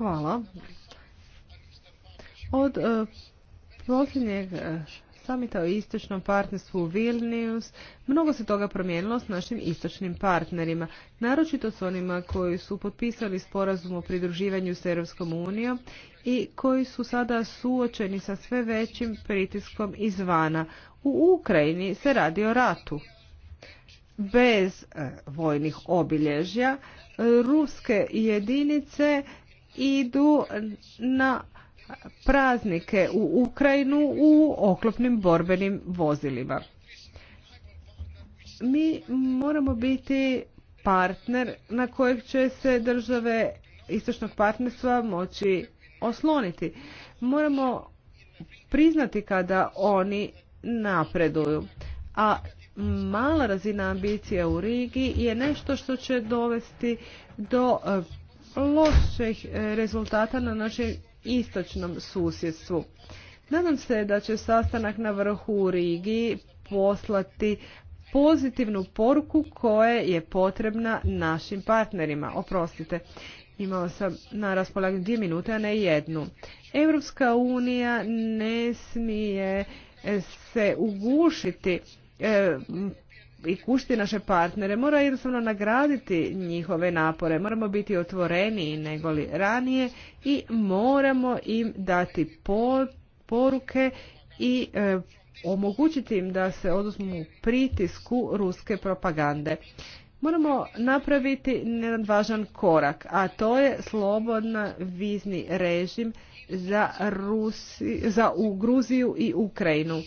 Hvala. Od e, posljednjeg e, samita o istočnom partnerstvu u Vilnius, mnogo se toga promijenilo s našim istočnim partnerima, naročito s onima koji su potpisali sporazum o pridruživanju s Europskom unijom i koji su sada suočeni sa sve većim pritiskom izvana. U Ukrajini se radi o ratu. Bez e, vojnih obilježja, ruske jedinice idu na praznike u Ukrajinu u oklopnim borbenim vozilima. Mi moramo biti partner na kojeg će se države istočnog partnerstva moći osloniti. Moramo priznati kada oni napreduju. A mala razina ambicija u Rigi je nešto što će dovesti do loših e, rezultata na našem istočnom susjedstvu. Nadam se da će sastanak na vrhu u Rigi poslati pozitivnu poruku koja je potrebna našim partnerima. Oprostite, imao sam na raspolaganju dvije minute, a ne jednu. Europska unija ne smije se ugušiti e, i kušti naše partnere. Mora jednostavno nagraditi njihove napore. Moramo biti otvoreniji nego li ranije i moramo im dati poruke i e, omogućiti im da se oduzmu pritisku ruske propagande. Moramo napraviti jedan važan korak, a to je slobodna vizni režim za, Rusi, za Gruziju i Ukrajinu.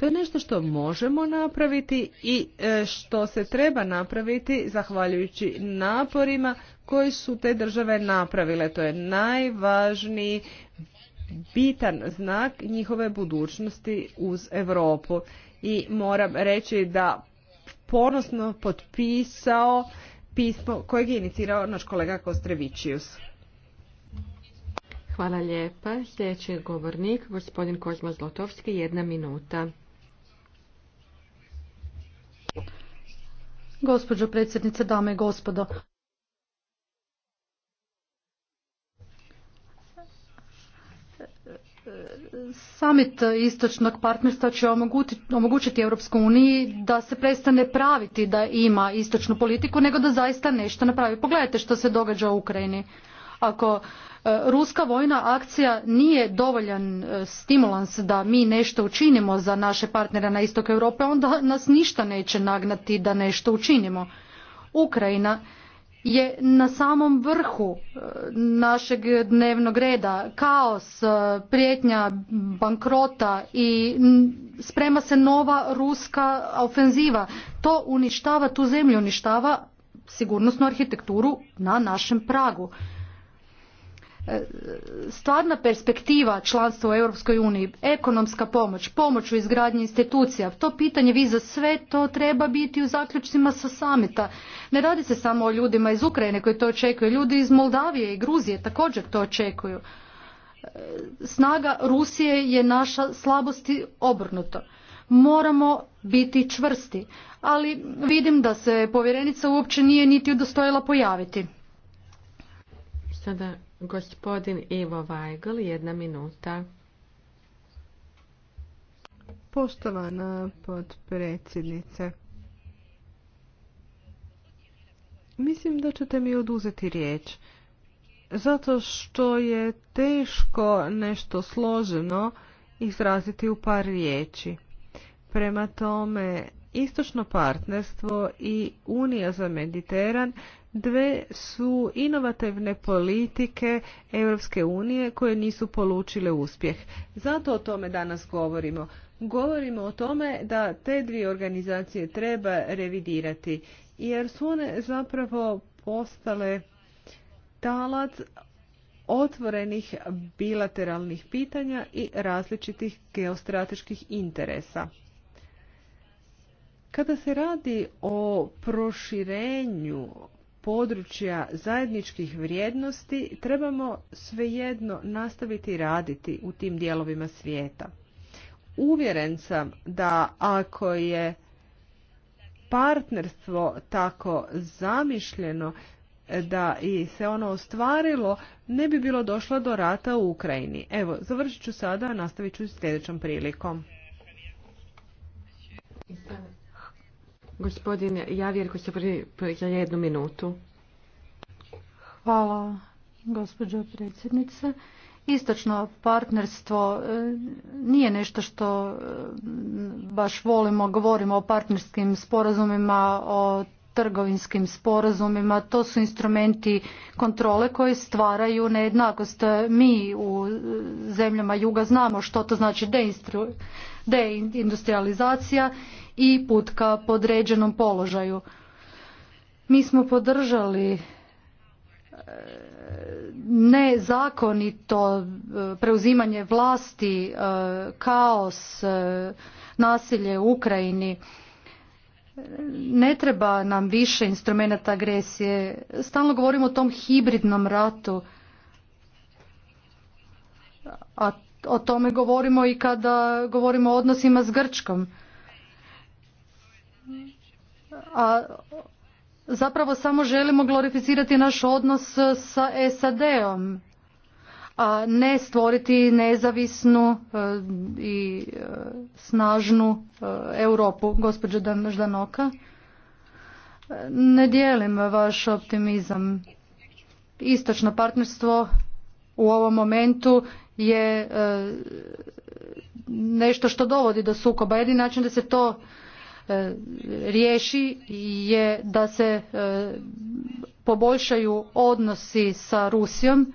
To je nešto što možemo napraviti i e, što se treba napraviti zahvaljujući naporima koji su te države napravile. To je najvažniji bitan znak njihove budućnosti uz Europu. I moram reći da ponosno potpisao pismo kojeg je inicirao naš kolega Kostrevičius. Hvala lijepa. Sljedeći je govornik, gospodin Kozma Zlotovski, jedna minuta. Gospođo predsjednice, dame i gospodo. Samit istočnog partnerstva će omogućiti Europskoj uniji da se prestane praviti da ima istočnu politiku, nego da zaista nešto napravi. Pogledajte što se događa u Ukrajini. Ako e, ruska vojna akcija nije dovoljan e, stimulans da mi nešto učinimo za naše partnere na istok Europe, onda nas ništa neće nagnati da nešto učinimo. Ukrajina je na samom vrhu e, našeg dnevnog reda kaos, prijetnja bankrota i sprema se nova ruska ofenziva. To uništava tu zemlju, uništava sigurnosnu arhitekturu na našem pragu. E, stvarna perspektiva članstva u Europskoj uniji, ekonomska pomoć, pomoć u izgradnji institucija, to pitanje viza, sve to treba biti u zaključcima sa samita. Ne radi se samo o ljudima iz Ukrajine koji to očekuju, ljudi iz Moldavije i Gruzije također to očekuju. E, snaga Rusije je naša slabosti obrnuto. Moramo biti čvrsti, ali vidim da se povjerenica uopće nije niti udostojila pojaviti. Sada Gospodin Ivo Vajgl, jedna minuta. Poštovana podpredsjednice, mislim da ćete mi oduzeti riječ. Zato što je teško nešto složeno izraziti u par riječi. Prema tome, istočno partnerstvo i Unija za Mediteran dve su inovativne politike Europske unije koje nisu polučile uspjeh. Zato o tome danas govorimo. Govorimo o tome da te dvije organizacije treba revidirati jer su one zapravo postale talac otvorenih bilateralnih pitanja i različitih geostrateških interesa. Kada se radi o proširenju područja zajedničkih vrijednosti trebamo svejedno nastaviti raditi u tim dijelovima svijeta. Uvjeren sam da ako je partnerstvo tako zamišljeno da i se ono ostvarilo, ne bi bilo došlo do rata u Ukrajini. Evo, završit ću sada, nastavit ću s sljedećom prilikom. Gospodin Javier koji se prvi za jednu minutu. Hvala, gospođo predsjednice. Istočno partnerstvo e, nije nešto što e, baš volimo, govorimo o partnerskim sporazumima, o trgovinskim sporazumima. To su instrumenti kontrole koji stvaraju nejednakost. Mi u e, zemljama juga znamo što to znači deindustrializacija i put ka podređenom položaju. Mi smo podržali e, nezakonito e, preuzimanje vlasti, e, kaos, nasilje u Ukrajini. Ne treba nam više instrumenta agresije. Stalno govorimo o tom hibridnom ratu. A o tome govorimo i kada govorimo o odnosima s Grčkom a zapravo samo želimo glorificirati naš odnos sa SAD-om, a ne stvoriti nezavisnu e, i e, snažnu e, Europu. Gospođo Ždanoka, ne dijelim vaš optimizam. Istočno partnerstvo u ovom momentu je nešto što dovodi do sukoba. Jedini način da se to E, riješi je da se e, poboljšaju odnosi sa Rusijom.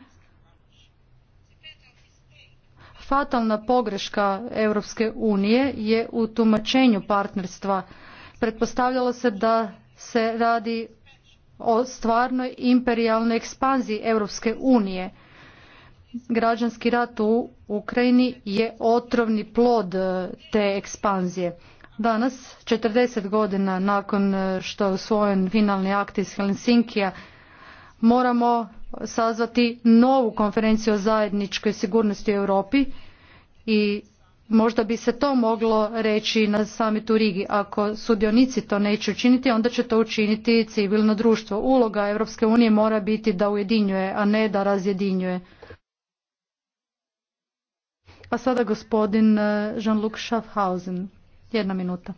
Fatalna pogreška Europske unije je u tumačenju partnerstva. Pretpostavljalo se da se radi o stvarnoj imperijalnoj ekspanziji Europske unije. Građanski rat u Ukrajini je otrovni plod e, te ekspanzije. Danas, 40 godina nakon e, što je usvojen finalni akt iz Helsinkija, moramo sazvati novu konferenciju o zajedničkoj sigurnosti u Europi i možda bi se to moglo reći na samitu Rigi. Ako sudionici to neće učiniti, onda će to učiniti civilno društvo. Uloga Europske unije mora biti da ujedinjuje, a ne da razjedinjuje. A sada gospodin e, Jean-Luc Schaffhausen. Jedna minuta.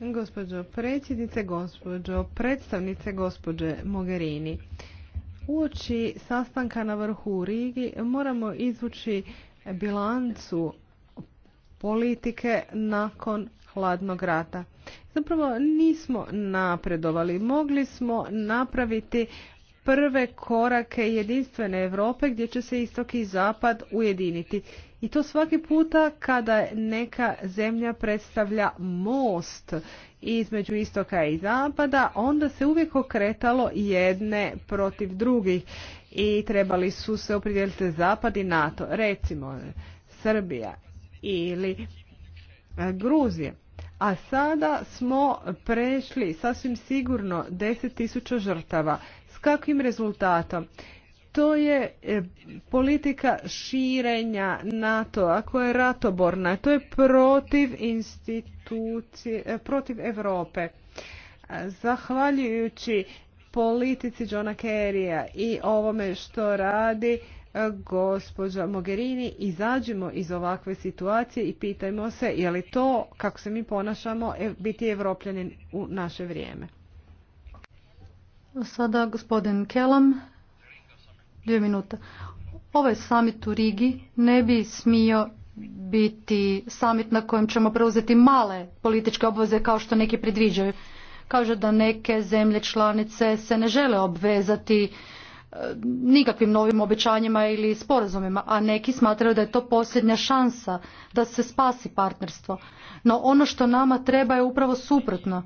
Gospođo predsjednice, gospođo predstavnice, gospođe Mogherini. Uoči sastanka na vrhu u Rigi moramo izvući bilancu politike nakon hladnog rata. Zapravo nismo napredovali. Mogli smo napraviti prve korake jedinstvene Europe gdje će se istok i zapad ujediniti. I to svaki puta kada neka zemlja predstavlja most između istoka i zapada, onda se uvijek okretalo jedne protiv drugih i trebali su se opredijeliti zapad i NATO, recimo Srbija ili e, Gruzije. A sada smo prešli sasvim sigurno 10.000 žrtava. S kakvim rezultatom? to je e, politika širenja nato ako je ratoborna. To je protiv institucije, e, protiv Europe. E, zahvaljujući politici Johna Kerrya i ovome što radi gospođa Mogherini, izađimo iz ovakve situacije i pitajmo se je li to, kako se mi ponašamo, biti evropljanin u naše vrijeme. Sada gospodin Kelam dvije minuta. Ovaj summit u Rigi ne bi smio biti summit na kojem ćemo preuzeti male političke obveze kao što neki predviđaju. Kaže da neke zemlje članice se ne žele obvezati e, nikakvim novim obećanjima ili sporazumima, a neki smatraju da je to posljednja šansa da se spasi partnerstvo. No ono što nama treba je upravo suprotno.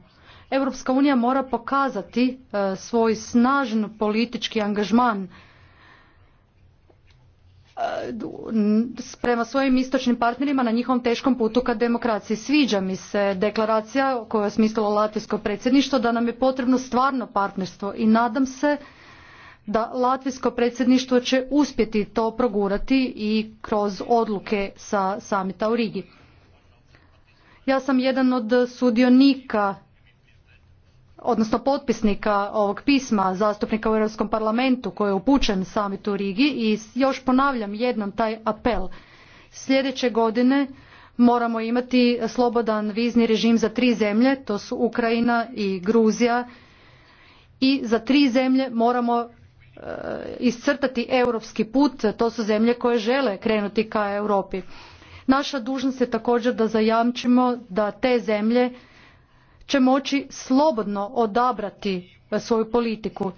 Europska unija mora pokazati e, svoj snažni politički angažman prema svojim istočnim partnerima na njihovom teškom putu ka demokraciji. Sviđa mi se deklaracija kojoj je osmislilo Latvijsko predsjedništvo da nam je potrebno stvarno partnerstvo i nadam se da Latvijsko predsjedništvo će uspjeti to progurati i kroz odluke sa samita u Rigi. Ja sam jedan od sudionika odnosno potpisnika ovog pisma zastupnika u Europskom parlamentu koji je upućen samitu Rigi i još ponavljam jednom taj apel. Sljedeće godine moramo imati slobodan vizni režim za tri zemlje, to su Ukrajina i Gruzija i za tri zemlje moramo e, iscrtati europski put, to su zemlje koje žele krenuti ka Europi. Naša dužnost je također da zajamčimo da te zemlje će moći slobodno odabrati e, svoju politiku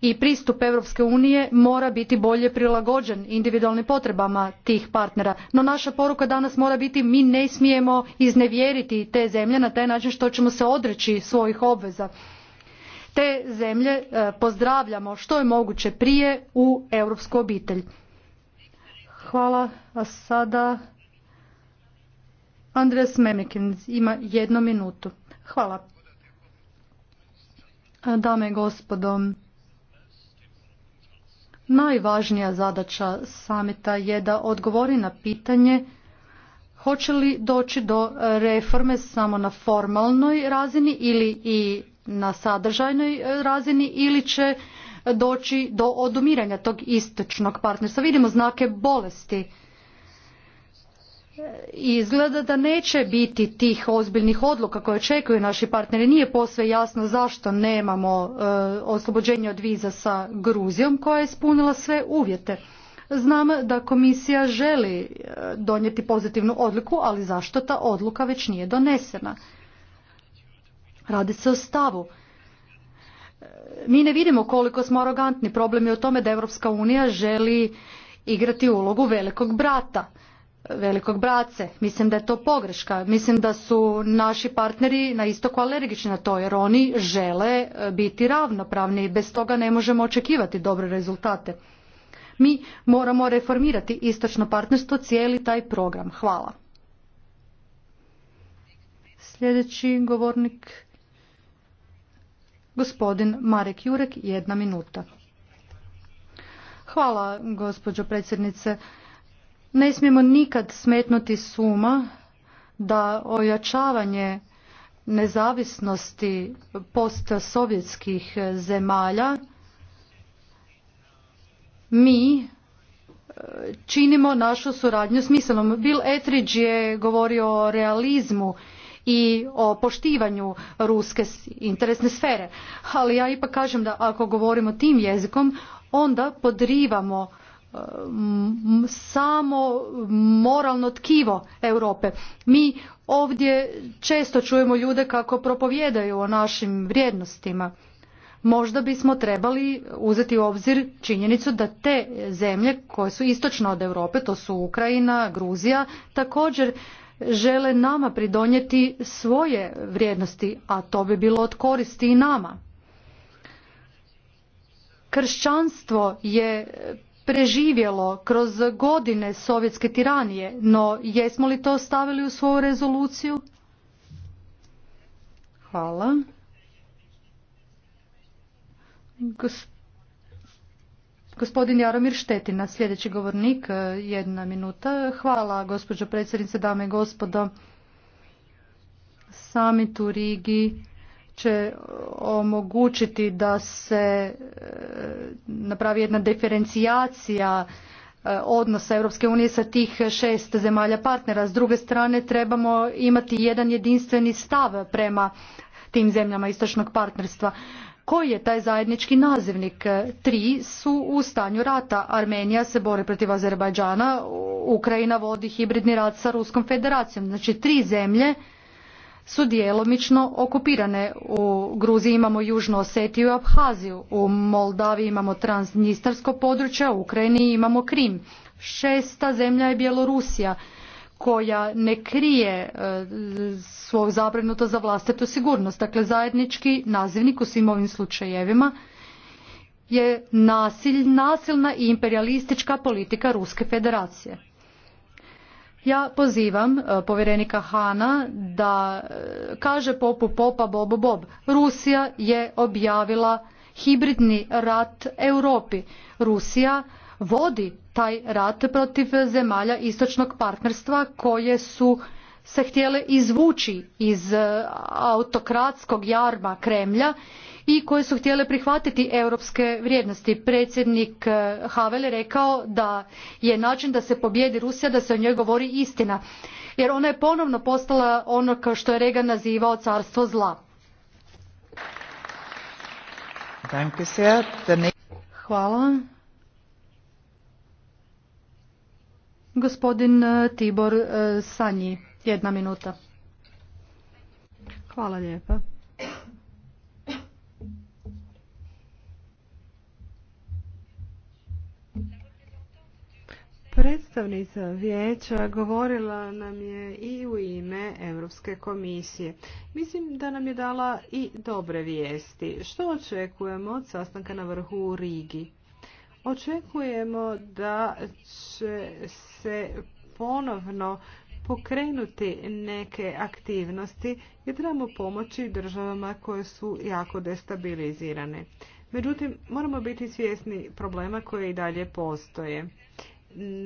i pristup Europske unije mora biti bolje prilagođen individualnim potrebama tih partnera. No naša poruka danas mora biti mi ne smijemo iznevjeriti te zemlje na taj način što ćemo se odreći svojih obveza. Te zemlje e, pozdravljamo što je moguće prije u europsku obitelj. Hvala. A sada Andres Memekins ima jednu minutu. Hvala. Dame i gospodo, najvažnija zadaća samita je da odgovori na pitanje hoće li doći do reforme samo na formalnoj razini ili i na sadržajnoj razini ili će doći do odumiranja tog istočnog partnerstva. Vidimo znake bolesti izgleda da neće biti tih ozbiljnih odluka koje očekuju naši partneri. Nije posve jasno zašto nemamo e, oslobođenje od viza sa Gruzijom koja je ispunila sve uvjete. Znam da komisija želi e, donijeti pozitivnu odluku, ali zašto ta odluka već nije donesena? Radi se o stavu. Mi ne vidimo koliko smo arogantni. Problem je u tome da Europska unija želi igrati ulogu velikog brata velikog brace. Mislim da je to pogreška. Mislim da su naši partneri na istoku alergični na to jer oni žele e, biti ravnopravni i bez toga ne možemo očekivati dobre rezultate. Mi moramo reformirati istočno partnerstvo cijeli taj program. Hvala. Sljedeći govornik gospodin Marek Jurek, jedna minuta. Hvala gospođo predsjednice. Ne smijemo nikad smetnuti suma da ojačavanje nezavisnosti postsovjetskih zemalja mi e, činimo našu suradnju s mislom. Bill Etridge je govorio o realizmu i o poštivanju ruske interesne sfere. Ali ja ipak kažem da ako govorimo tim jezikom, onda podrivamo samo moralno tkivo Europe. Mi ovdje često čujemo ljude kako propovjedaju o našim vrijednostima. Možda bismo trebali uzeti u obzir činjenicu da te zemlje koje su istočne od Europe, to su Ukrajina, Gruzija, također žele nama pridonijeti svoje vrijednosti, a to bi bilo od koristi i nama. Kršćanstvo je preživjelo kroz godine sovjetske tiranije, no jesmo li to stavili u svoju rezoluciju? Hvala. Gospodin Jaromir Štetina, sljedeći govornik, e, jedna minuta. Hvala, gospođo predsjednice, dame i gospodo. Samit u Rigi će omogućiti da se e, napravi jedna diferencijacija e, odnosa Europske unije sa tih šest zemalja partnera. S druge strane trebamo imati jedan jedinstveni stav prema tim zemljama istočnog partnerstva. Koji je taj zajednički nazivnik? Tri su u stanju rata. Armenija se bori protiv Azerbajdžana, Ukrajina vodi hibridni rat sa Ruskom federacijom. Znači tri zemlje su djelomično okupirane. U Gruziji imamo Južnu Osetiju i Abhaziju, u Moldaviji imamo transnistarsko područje, u Ukrajini imamo Krim. Šesta zemlja je Bjelorusija koja ne krije e, svoju zabrinutost za vlastitu sigurnost. Dakle, zajednički nazivnik u svim ovim slučajevima je nasilna i imperialistička politika Ruske federacije. Ja pozivam e, povjerenika Hana da e, kaže popu popa Bobo bob. Rusija je objavila hibridni rat Europi. Rusija vodi taj rat protiv zemalja istočnog partnerstva koje su se htjele izvući iz e, autokratskog jarma Kremlja i koje su htjele prihvatiti europske vrijednosti. Predsjednik eh, Havel je rekao da je način da se pobijedi Rusija da se o njoj govori istina. Jer ona je ponovno postala ono kao što je Reagan nazivao carstvo zla. Hvala. Gospodin eh, Tibor eh, Sanji, jedna minuta. Hvala lijepa. Predstavnica vijeća govorila nam je i u ime Europske komisije. Mislim da nam je dala i dobre vijesti. Što očekujemo od sastanka na vrhu u Rigi? Očekujemo da će se ponovno pokrenuti neke aktivnosti jer trebamo pomoći državama koje su jako destabilizirane. Međutim, moramo biti svjesni problema koje i dalje postoje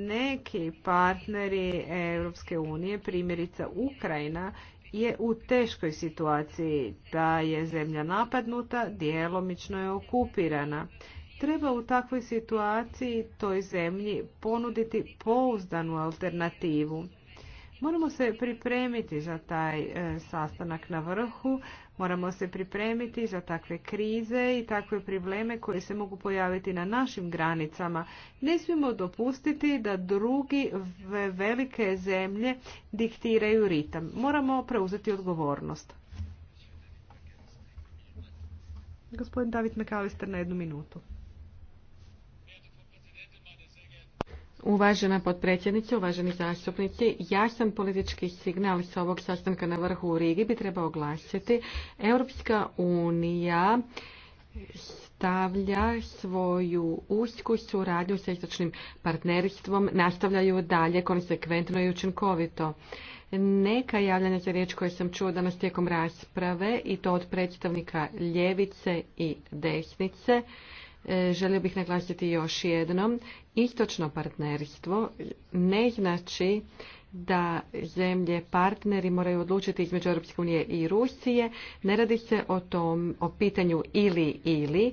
neki partneri Europske unije, primjerica Ukrajina, je u teškoj situaciji da je zemlja napadnuta, djelomično je okupirana. Treba u takvoj situaciji toj zemlji ponuditi pouzdanu alternativu. Moramo se pripremiti za taj e, sastanak na vrhu, moramo se pripremiti za takve krize i takve probleme koje se mogu pojaviti na našim granicama. Ne smijemo dopustiti da drugi velike zemlje diktiraju ritam. Moramo preuzeti odgovornost. Gospodin David McAllister na jednu minutu. Uvažena potpredsjednice, uvaženi zastupnici, jasan politički signal sa ovog sastanka na vrhu u Rigi bi trebao glasiti Europska unija stavlja svoju usku suradnju sa istočnim partnerstvom, nastavljaju dalje konsekventno i učinkovito. Neka javljanja za riječ koje sam čuo danas tijekom rasprave i to od predstavnika ljevice i desnice E, želio bih naglasiti još jednom. Istočno partnerstvo ne znači da zemlje partneri moraju odlučiti između Europske unije i Rusije. Ne radi se o tom, o pitanju ili ili.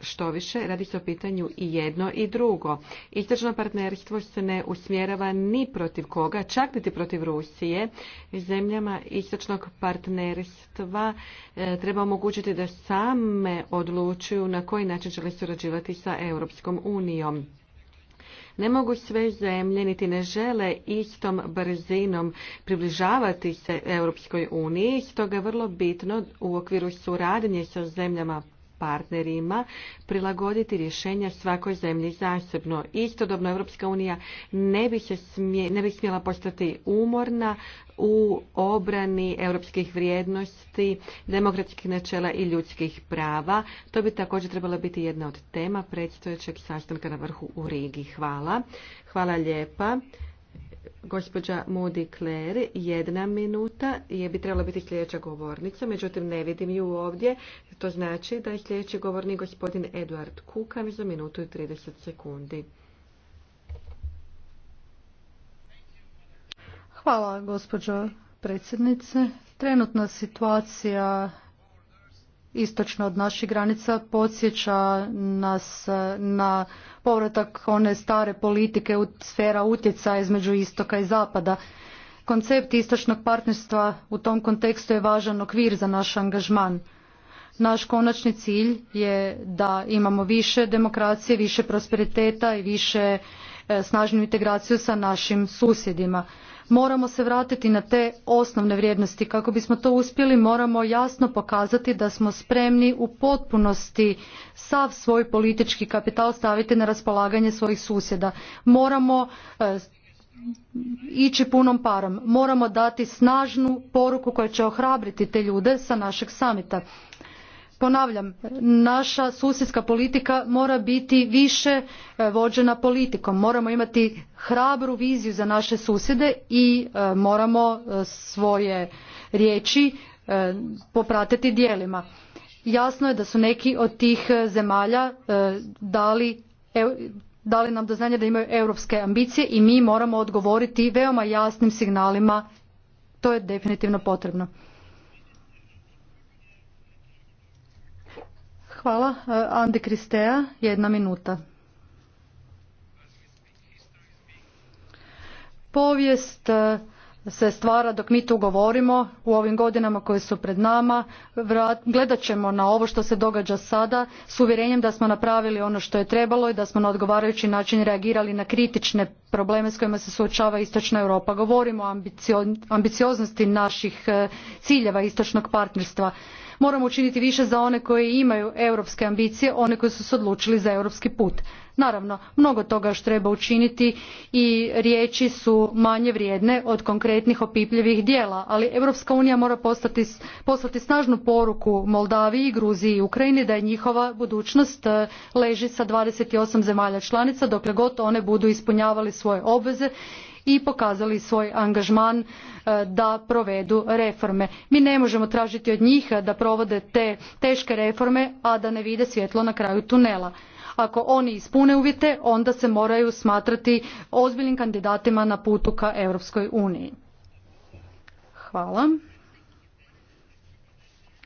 Što više, radi se o pitanju i jedno i drugo. Istočno partnerstvo se ne usmjerava ni protiv koga, čak niti protiv Rusije. Zemljama istočnog partnerstva e, treba omogućiti da same odlučuju na koji način žele surađivati sa Europskom unijom. Ne mogu sve zemlje niti ne žele istom brzinom približavati se Europskoj uniji, stoga je vrlo bitno u okviru suradnje sa zemljama partnerima prilagoditi rješenja svakoj zemlji zasebno. Istodobno Europska unija ne bi, se ne bi smjela postati umorna u obrani europskih vrijednosti, demokratskih načela i ljudskih prava. To bi također trebala biti jedna od tema predstojećeg sastanka na vrhu u Rigi. Hvala. Hvala lijepa. Gospođa Moody Claire, jedna minuta, je bi trebala biti sljedeća govornica, međutim ne vidim ju ovdje. To znači da je sljedeći govornik gospodin Eduard Kukan za minutu i 30 sekundi. Hvala gospođo predsjednice. Trenutna situacija istočno od naših granica podsjeća nas na povratak one stare politike u sfera utjecaja između istoka i zapada. Koncept istočnog partnerstva u tom kontekstu je važan okvir za naš angažman. Naš konačni cilj je da imamo više demokracije, više prosperiteta i više e, snažnu integraciju sa našim susjedima. Moramo se vratiti na te osnovne vrijednosti. Kako bismo to uspjeli moramo jasno pokazati da smo spremni u potpunosti sav svoj politički kapital staviti na raspolaganje svojih susjeda. Moramo eh, ići punom parom. Moramo dati snažnu poruku koja će ohrabriti te ljude sa našeg samita. Ponavljam, naša susjedska politika mora biti više e, vođena politikom. Moramo imati hrabru viziju za naše susjede i e, moramo e, svoje riječi popratiti djelima. Jasno je da su neki od tih zemalja dali dali nam do znanja da imaju europske ambicije i mi moramo odgovoriti veoma jasnim signalima. To je definitivno potrebno. Hvala. E, Andi jedna minuta. Povijest e, se stvara dok mi tu govorimo u ovim godinama koje su pred nama gledat ćemo na ovo što se događa sada s uvjerenjem da smo napravili ono što je trebalo i da smo na odgovarajući način reagirali na kritične probleme s kojima se suočava istočna europa govorimo o ambicioznosti naših e, ciljeva istočnog partnerstva moramo učiniti više za one koji imaju europske ambicije one koji su se odlučili za europski put naravno mnogo toga još treba učiniti i riječi su manje vrijedne od konkretnih opipljivih djela ali europska unija mora poslati snažnu poruku moldaviji gruziji i ukrajini da je njihova budućnost e, leži sa twenty eight zemalja članica dokle god one budu ispunjavale svoje obveze i pokazali svoj angažman E, da provedu reforme. Mi ne možemo tražiti od njih da provode te teške reforme, a da ne vide svjetlo na kraju tunela. Ako oni ispune uvjete, onda se moraju smatrati ozbiljnim kandidatima na putu ka Europskoj uniji. Hvala.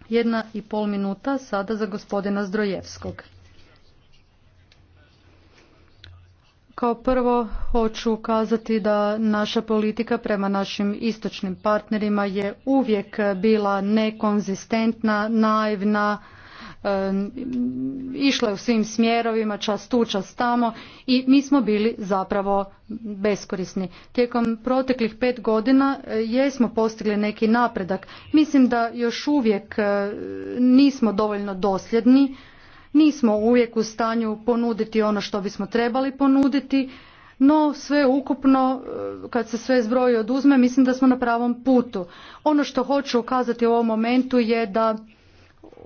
Jedna i pol minuta sada za gospodina Zdrojevskog. Kao prvo hoću ukazati da naša politika prema našim istočnim partnerima je uvijek bila nekonzistentna, naivna, išla je u svim smjerovima, čas tu, čas tamo i mi smo bili zapravo beskorisni. Tijekom proteklih pet godina e, jesmo postigli neki napredak. Mislim da još uvijek e, nismo dovoljno dosljedni nismo uvijek u stanju ponuditi ono što bismo trebali ponuditi, no sve ukupno, e, kad se sve zbroji oduzme, mislim da smo na pravom putu. Ono što hoću ukazati u ovom momentu je da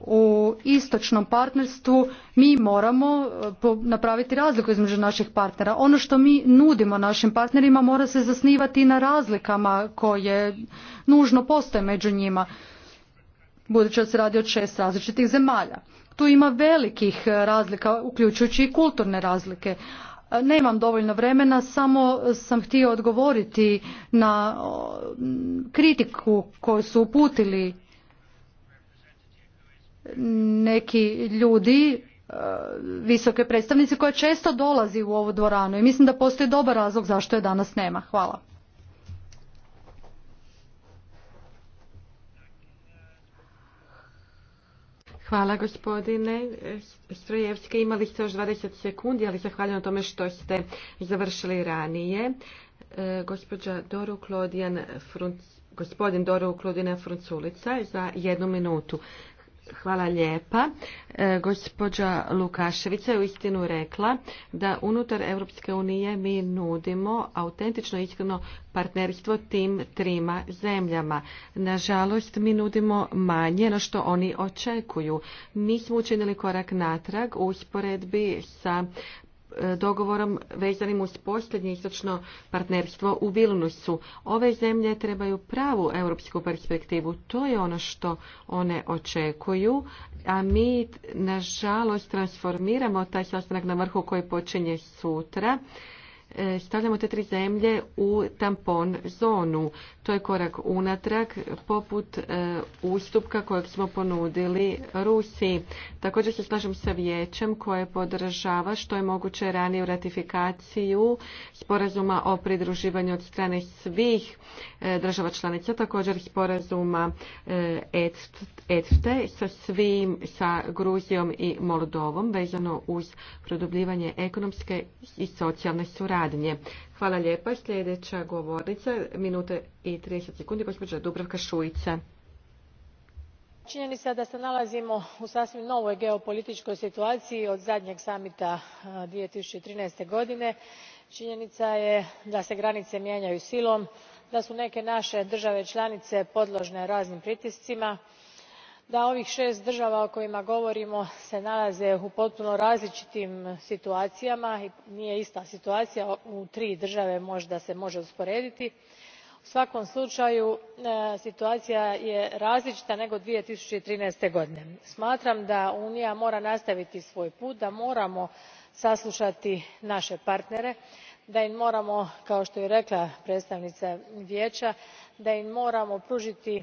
u istočnom partnerstvu mi moramo e, napraviti razliku između naših partnera. Ono što mi nudimo našim partnerima mora se zasnivati na razlikama koje nužno postoje među njima, budući da se radi o šest različitih zemalja. Tu ima velikih e, razlika, uključujući i kulturne razlike. E, nemam dovoljno vremena, samo sam htio odgovoriti na kritiku koju su uputili neki ljudi e, visoke predstavnice koja često dolazi u ovu dvoranu i mislim da postoji dobar razlog zašto je danas nema. Hvala. Hvala gospodine Strojevski. Imali ste još 20 sekundi, ali zahvaljujem na tome što ste završili ranije. E, gospodin Doru Klodijan Frunculica za jednu minutu. Hvala lijepa. E, gospođa Lukaševica je uistinu rekla da unutar Europske unije mi nudimo autentično iskreno partnerstvo tim trima zemljama. Nažalost, mi nudimo manje na što oni očekuju. Mi smo učinili korak natrag u usporedbi sa E, dogovorom vezanim uz posljednje istočno partnerstvo u Vilnusu. Ove zemlje trebaju pravu europsku perspektivu. To je ono što one očekuju, a mi nažalost transformiramo taj sastanak na vrhu koji počinje sutra E, stavljamo te tri zemlje u tampon zonu. To je korak unatrag poput e, ustupka kojeg smo ponudili Rusiji. Također se slažem sa vijećem koje podržava što je moguće raniju ratifikaciju sporazuma o pridruživanju od strane svih e, država članica, također sporazuma EFTE sa svim, sa Gruzijom i Moldovom vezano uz produbljivanje ekonomske i socijalne suradnje suradnje. Hvala lijepa. Sljedeća govornica, minute i 30 sekundi, gospođa Dubravka Šujica. Činjenica da se nalazimo u sasvim novoj geopolitičkoj situaciji od zadnjeg samita 2013. godine. Činjenica je da se granice mijenjaju silom, da su neke naše države članice podložne raznim pritiscima da ovih šest država o kojima govorimo se nalaze u potpuno različitim situacijama i nije ista situacija u tri države možda se može usporediti. u svakom slučaju e, situacija je različita nego. two thousand and thirteen godine smatram da unija mora nastaviti svoj put da moramo saslušati naše partnere da im moramo kao što je rekla predstavnica vijeća da im moramo pružiti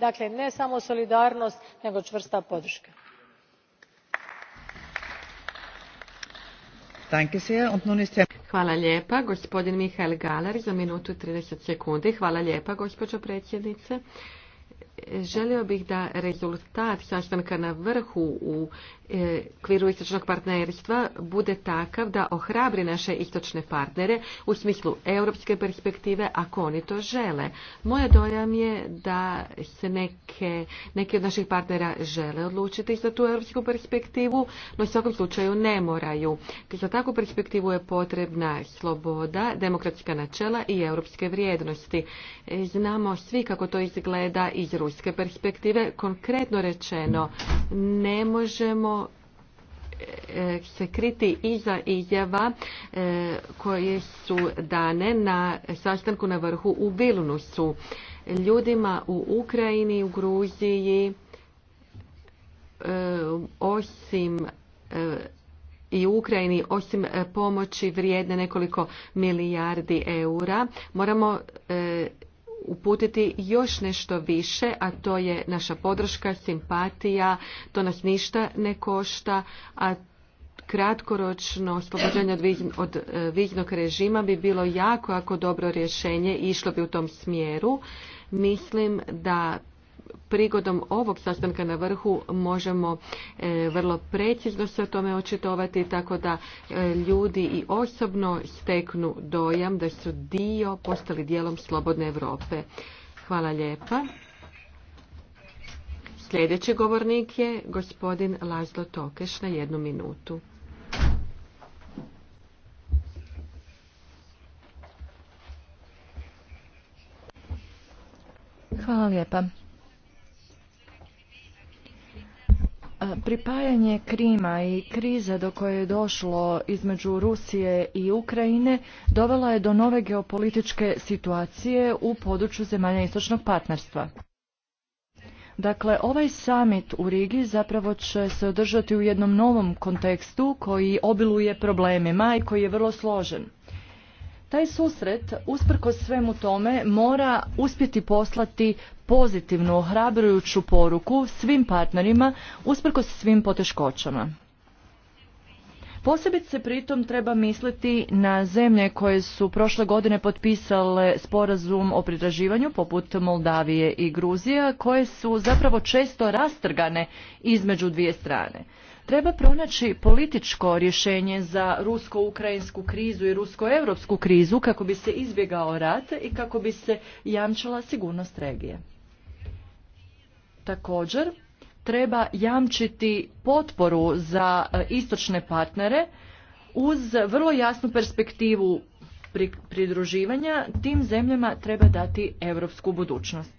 dakle ne samo solidarnost nego čvrsta podrška. Hvala lijepa. Gospodin Mihael galari za minutu i 30 sekundi. Hvala lijepa, gospođo predsjednice. Želio bih da rezultat sastanka na vrhu u e, kviru istočnog partnerstva bude takav da ohrabri naše istočne partnere u smislu europske perspektive ako oni to žele. Moja dojam je da se neke, neki od naših partnera žele odlučiti za tu europsku perspektivu, no u svakom slučaju ne moraju. Za takvu perspektivu je potrebna sloboda, demokratska načela i europske vrijednosti. E, znamo svi kako to izgleda iz ruske perspektive. Konkretno rečeno, ne možemo e, se kriti iza izjava e, koje su dane na sastanku na vrhu u Vilnusu. Ljudima u Ukrajini, u Gruziji, e, osim i u Ukrajini, osim pomoći vrijedne nekoliko milijardi eura, moramo uputiti još nešto više, a to je naša podrška, simpatija, to nas ništa ne košta, a kratkoročno oslobođenje od, od e, viznog režima bi bilo jako, jako dobro rješenje i išlo bi u tom smjeru. Mislim da prigodom ovog sastanka na vrhu možemo e, vrlo precizno se o tome očitovati tako da e, ljudi i osobno steknu dojam da su dio postali dijelom slobodne Europe. Hvala lijepa. Sljedeći govornik je gospodin Lazlo Tokeš na jednu minutu. Hvala lijepa. Pripajanje Krima i kriza do koje je došlo između Rusije i Ukrajine dovela je do nove geopolitičke situacije u području zemalja istočnog partnerstva. Dakle, ovaj summit u Rigi zapravo će se održati u jednom novom kontekstu koji obiluje problemima i koji je vrlo složen. Taj susret, usprko svemu tome, mora uspjeti poslati pozitivnu, ohrabrujuću poruku svim partnerima usprkos svim poteškoćama. Posebice pritom treba misliti na zemlje koje su prošle godine potpisale sporazum o pridraživanju poput Moldavije i Gruzija koje su zapravo često rastrgane između dvije strane. Treba pronaći političko rješenje za rusko-ukrajinsku krizu i rusko-europsku krizu kako bi se izbjegao rat i kako bi se jamčila sigurnost regije. Također, treba jamčiti potporu za e, istočne partnere uz vrlo jasnu perspektivu pridruživanja tim zemljama treba dati europsku budućnost.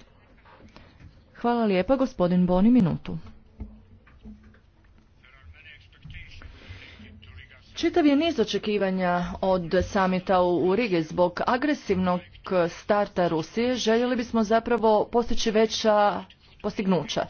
Hvala lijepa gospodin Boni minutu. Čitav je niz očekivanja od samita u Rige zbog agresivnog starta Rusije. Željeli bismo zapravo postići veća postignuća.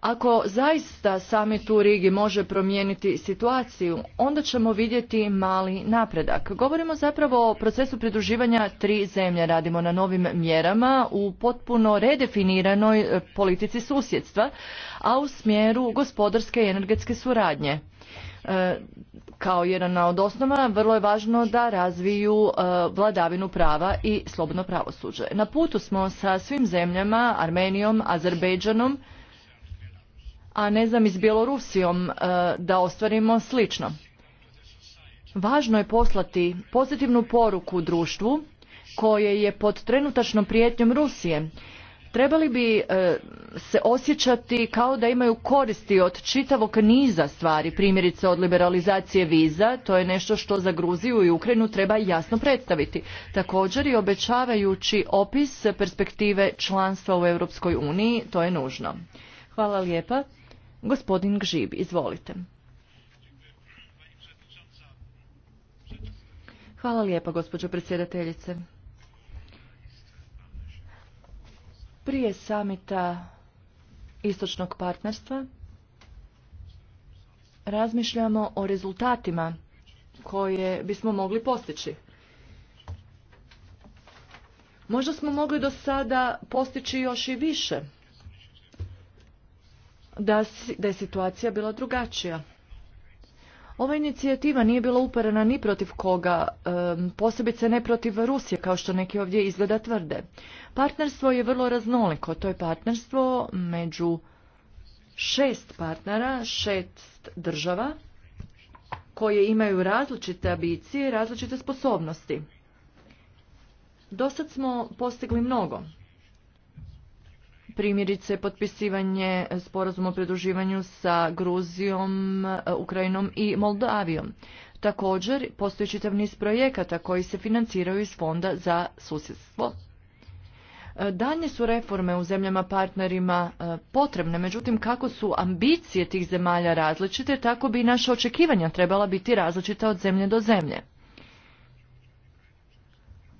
Ako zaista sami tu Rigi može promijeniti situaciju, onda ćemo vidjeti mali napredak. Govorimo zapravo o procesu pridruživanja tri zemlje. Radimo na novim mjerama u potpuno redefiniranoj e, politici susjedstva, a u smjeru gospodarske i energetske suradnje. E, kao jedan od osnova vrlo je važno da razviju e, vladavinu prava i slobodno pravosuđe. Na putu smo sa svim zemljama, Armenijom, Azerbejdžanom, a ne znam i s Bjelorusijom e, da ostvarimo slično. Važno je poslati pozitivnu poruku društvu koje je pod trenutačnom prijetnjom Rusije trebali bi e, se osjećati kao da imaju koristi od čitavog niza stvari, primjerice od liberalizacije viza, to je nešto što za Gruziju i Ukrajinu treba jasno predstaviti. Također i obećavajući opis perspektive članstva u Europskoj uniji, to je nužno. Hvala lijepa. Gospodin Gžib, izvolite. Hvala lijepa, gospođo predsjedateljice. Prije samita istočnog partnerstva razmišljamo o rezultatima koje bismo mogli postići. Možda smo mogli do sada postići još i više, da, da je situacija bila drugačija. Ova inicijativa nije bila uperena ni protiv koga, posebice ne protiv Rusije, kao što neki ovdje izgleda tvrde. Partnerstvo je vrlo raznoliko, to je partnerstvo među šest partnera, šest država, koje imaju različite ambicije i različite sposobnosti. Dosad smo postigli mnogo, primjerice potpisivanje sporazuma o pridruživanju sa Gruzijom, Ukrajinom i Moldavijom. Također postoji čitav niz projekata koji se financiraju iz Fonda za susjedstvo. E, dalje su reforme u zemljama partnerima e, potrebne, međutim kako su ambicije tih zemalja različite, tako bi i naše očekivanja trebala biti različita od zemlje do zemlje.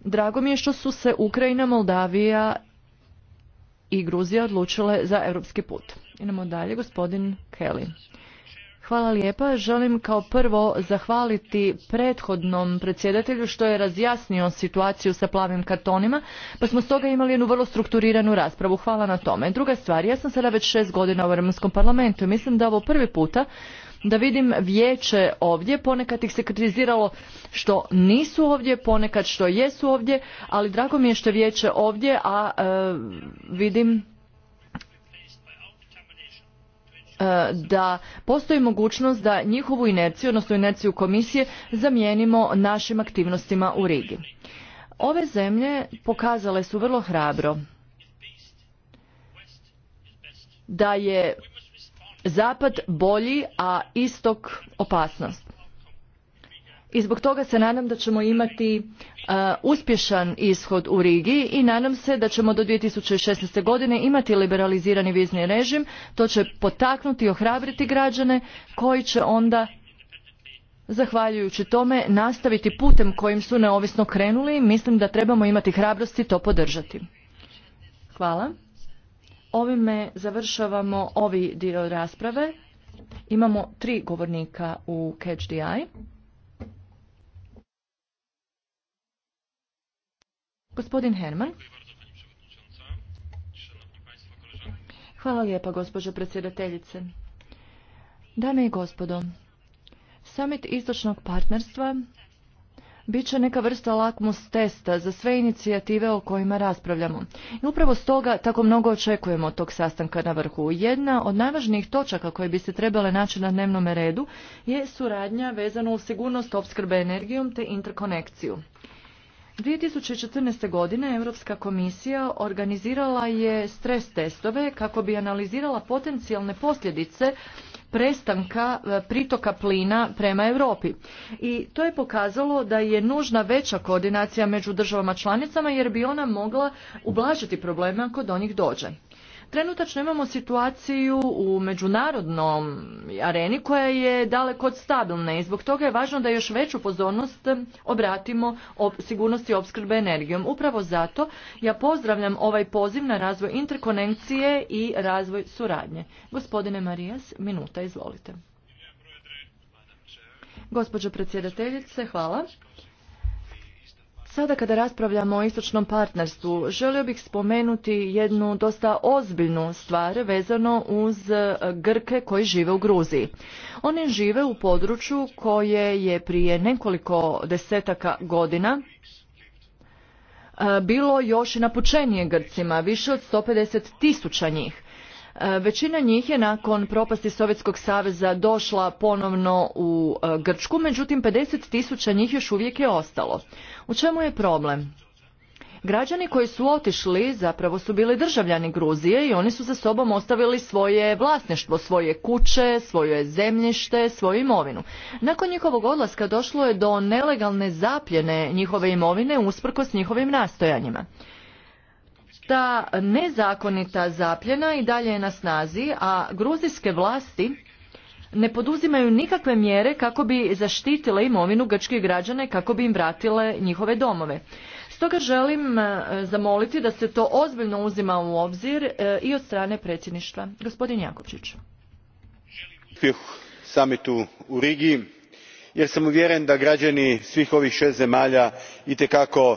Drago mi je što su se Ukrajina, Moldavija i Gruzija odlučile za europski put. Idemo dalje, gospodin Kelly. Hvala lijepa. Želim kao prvo zahvaliti prethodnom predsjedatelju što je razjasnio situaciju sa plavim kartonima, pa smo stoga imali jednu vrlo strukturiranu raspravu. Hvala na tome. Druga stvar, ja sam sada već šest godina u Europskom parlamentu i mislim da ovo prvi puta da vidim vijeće ovdje, ponekad ih se kritiziralo što nisu ovdje, ponekad što jesu ovdje, ali drago mi je što je vijeće ovdje, a e, vidim e, da postoji mogućnost da njihovu inerciju, odnosno inerciju komisije, zamijenimo našim aktivnostima u Rigi. Ove zemlje pokazale su vrlo hrabro da je zapad bolji, a istok opasnost. I zbog toga se nadam da ćemo imati e, uspješan ishod u Rigi i nadam se da ćemo do 2016. godine imati liberalizirani vizni režim. To će potaknuti i ohrabriti građane koji će onda zahvaljujući tome nastaviti putem kojim su neovisno krenuli. Mislim da trebamo imati hrabrosti to podržati. Hvala. Ovime završavamo ovi dio rasprave. Imamo tri govornika u Catch Gospodin Herman. Hvala lijepa, gospođo predsjedateljice. Dame i gospodo, Summit istočnog partnerstva bit će neka vrsta lakmus testa za sve inicijative o kojima raspravljamo. I upravo stoga tako mnogo očekujemo od tog sastanka na vrhu. Jedna od najvažnijih točaka koje bi se trebale naći na dnevnom redu je suradnja vezana u sigurnost opskrbe energijom te interkonekciju. 2014. godine Europska komisija organizirala je stres testove kako bi analizirala potencijalne posljedice prestanka e, pritoka plina prema Europi. I to je pokazalo da je nužna veća koordinacija među državama članicama jer bi ona mogla ublažiti probleme ako do njih dođe. Trenutačno imamo situaciju u međunarodnom areni koja je daleko od stabilne i zbog toga je važno da još veću pozornost obratimo o sigurnosti opskrbe energijom. Upravo zato ja pozdravljam ovaj poziv na razvoj interkonekcije i razvoj suradnje. Gospodine Marijas, minuta, izvolite. Gospođo predsjedateljice, hvala. Sada kada raspravljamo o istočnom partnerstvu, želio bih spomenuti jednu dosta ozbiljnu stvar vezano uz e, Grke koji žive u Gruziji. Oni žive u području koje je prije nekoliko desetaka godina e, bilo još i napučenije Grcima, više od 150 tisuća njih. E, većina njih je nakon propasti Sovjetskog saveza došla ponovno u e, Grčku, međutim pedeset tisuća njih još uvijek je ostalo. U čemu je problem? Građani koji su otišli zapravo su bili državljani Gruzije i oni su za sobom ostavili svoje vlasništvo, svoje kuće, svoje zemljište, svoju imovinu. Nakon njihovog odlaska došlo je do nelegalne zapljene njihove imovine usprkos njihovim nastojanjima ta nezakonita zapljena i dalje je na snazi, a gruzijske vlasti ne poduzimaju nikakve mjere kako bi zaštitile imovinu grčkih građane kako bi im vratile njihove domove. Stoga želim e, zamoliti da se to ozbiljno uzima u obzir e, i od strane predsjedništva. Gospodin Jakovčić. Želim samitu u Rigi jer sam uvjeren da građani svih ovih šest zemalja itekako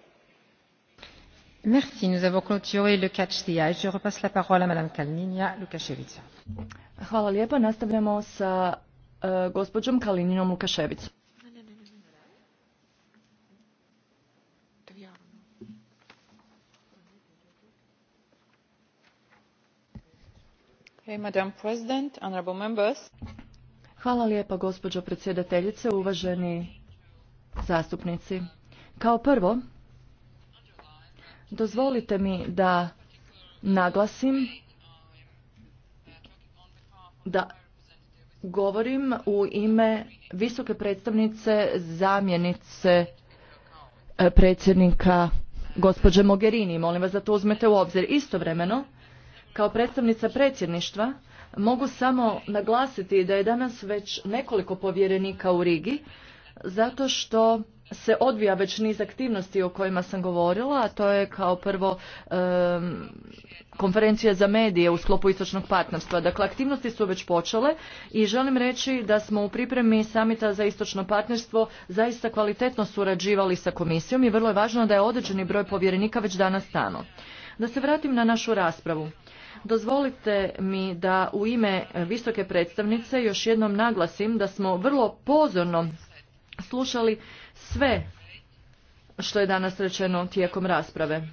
Merci, nous avons clôturé le catch the eye. Je repasse la parole à Madame Kalninja Lukaševica. Hvala lijepa, nastavljamo sa uh, gospođom Kalininom Lukaševic. Hey, Madam President, honorable members. Hvala lijepa gospođo predsjedateljice, uvaženi zastupnici. Kao prvo, Dozvolite mi da naglasim da govorim u ime visoke predstavnice zamjenice e, predsjednika gospođe Mogherini. Molim vas da to uzmete u obzir. Istovremeno, kao predstavnica predsjedništva, mogu samo naglasiti da je danas već nekoliko povjerenika u Rigi, zato što se odvija već niz aktivnosti o kojima sam govorila, a to je kao prvo um, konferencija za medije u sklopu istočnog partnerstva. Dakle, aktivnosti su već počele i želim reći da smo u pripremi samita za istočno partnerstvo zaista kvalitetno surađivali sa komisijom i vrlo je važno da je određeni broj povjerenika već danas stano. Da se vratim na našu raspravu. Dozvolite mi da u ime visoke predstavnice još jednom naglasim da smo vrlo pozorno slušali sve što je danas rečeno tijekom rasprave.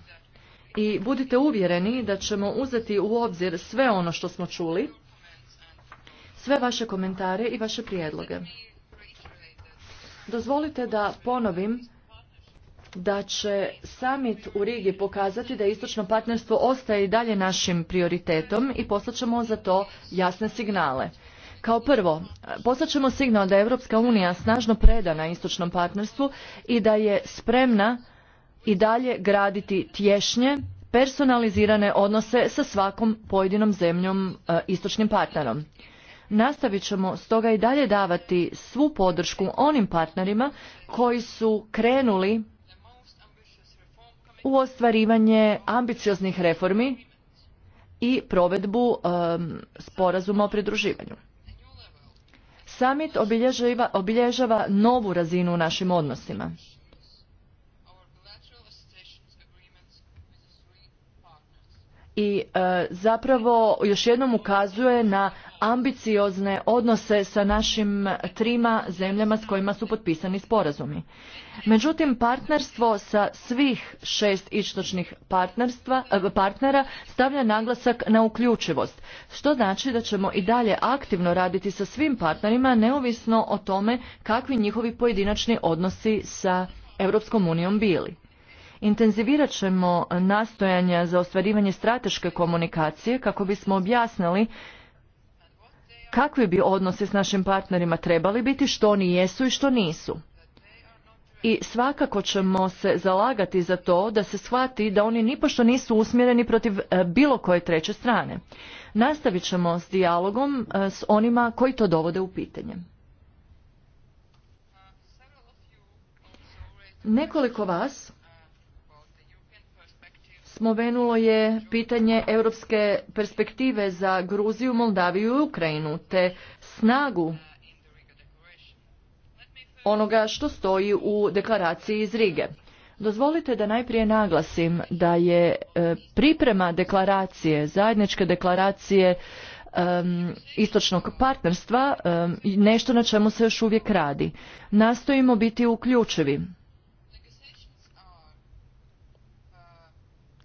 I budite uvjereni da ćemo uzeti u obzir sve ono što smo čuli, sve vaše komentare i vaše prijedloge. Dozvolite da ponovim da će summit u Rigi pokazati da istočno partnerstvo ostaje i dalje našim prioritetom i poslaćemo za to jasne signale. Kao prvo, ćemo signal da je Europska unija snažno na istočnom partnerstvu i da je spremna i dalje graditi tješnje, personalizirane odnose sa svakom pojedinom zemljom e, istočnim partnerom. Nastavit ćemo stoga i dalje davati svu podršku onim partnerima koji su krenuli u ostvarivanje ambicioznih reformi i provedbu e, sporazuma o pridruživanju. Summit obilježava, novu razinu u našim odnosima. i e, zapravo još jednom ukazuje na ambiciozne odnose sa našim trima zemljama s kojima su potpisani sporazumi. Međutim, partnerstvo sa svih šest istočnih e, partnera stavlja naglasak na uključivost, što znači da ćemo i dalje aktivno raditi sa svim partnerima, neovisno o tome kakvi njihovi pojedinačni odnosi sa Europskom unijom bili. Intenzivirat ćemo nastojanja za ostvarivanje strateške komunikacije kako bismo objasnili kakvi bi odnosi s našim partnerima trebali biti, što oni jesu i što nisu. I svakako ćemo se zalagati za to da se shvati da oni nipošto nisu usmjereni protiv e, bilo koje treće strane. Nastavit ćemo s dijalogom e, s onima koji to dovode u pitanje. Nekoliko vas spomenulo je pitanje europske perspektive za Gruziju, Moldaviju i Ukrajinu, te snagu onoga što stoji u deklaraciji iz Rige. Dozvolite da najprije naglasim da je e, priprema deklaracije, zajedničke deklaracije e, istočnog partnerstva e, nešto na čemu se još uvijek radi. Nastojimo biti uključivi.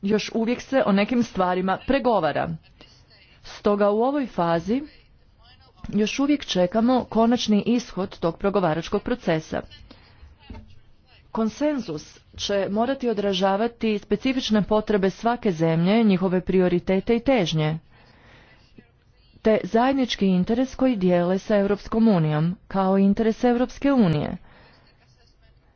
još uvijek se o nekim stvarima pregovara. Stoga u ovoj fazi još uvijek čekamo konačni ishod tog progovaračkog procesa. Konsenzus će morati odražavati specifične potrebe svake zemlje, njihove prioritete i težnje, te zajednički interes koji dijele sa Europskom unijom, kao interes Europske unije –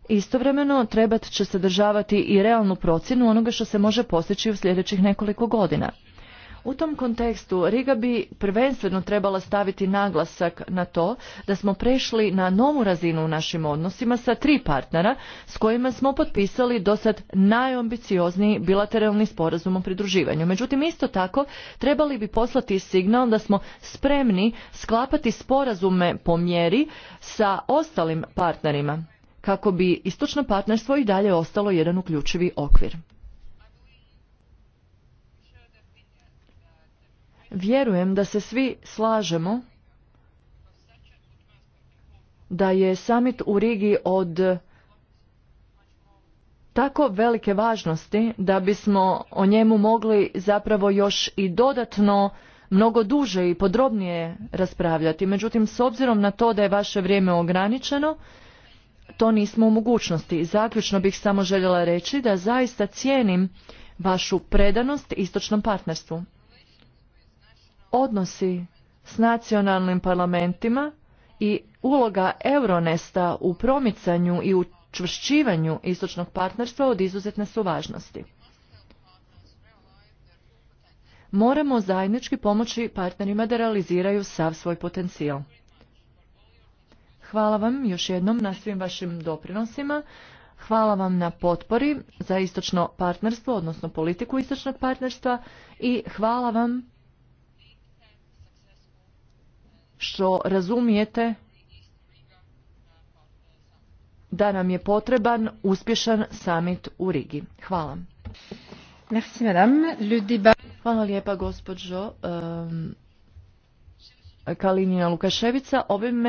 Istovremeno trebat će sadržavati i realnu procjenu onoga što se može postići u sljedećih nekoliko godina. U tom kontekstu Riga bi prvenstveno trebala staviti naglasak na to da smo prešli na novu razinu u našim odnosima sa tri partnera s kojima smo potpisali do sad najambiciozniji bilateralni sporazum o pridruživanju. Međutim, isto tako trebali bi poslati signal da smo spremni sklapati sporazume po mjeri sa ostalim partnerima kako bi istočno partnerstvo i dalje ostalo jedan uključivi okvir. Vjerujem da se svi slažemo da je summit u Rigi od tako velike važnosti da bismo o njemu mogli zapravo još i dodatno mnogo duže i podrobnije raspravljati. Međutim, s obzirom na to da je vaše vrijeme ograničeno, to nismo u mogućnosti. Zaključno bih samo željela reći da zaista cijenim vašu predanost istočnom partnerstvu. Odnosi s nacionalnim parlamentima i uloga Euronesta u promicanju i učvršćivanju istočnog partnerstva od izuzetne su važnosti. Moramo zajednički pomoći partnerima da realiziraju sav svoj potencijal. Hvala vam još jednom na svim vašim doprinosima. Hvala vam na potpori za istočno partnerstvo, odnosno politiku istočnog partnerstva i hvala vam što razumijete da nam je potreban uspješan summit u Rigi. Hvala. Merci, Le débat... Hvala lijepa gospođo um, Kalinina Lukaševica. Ovime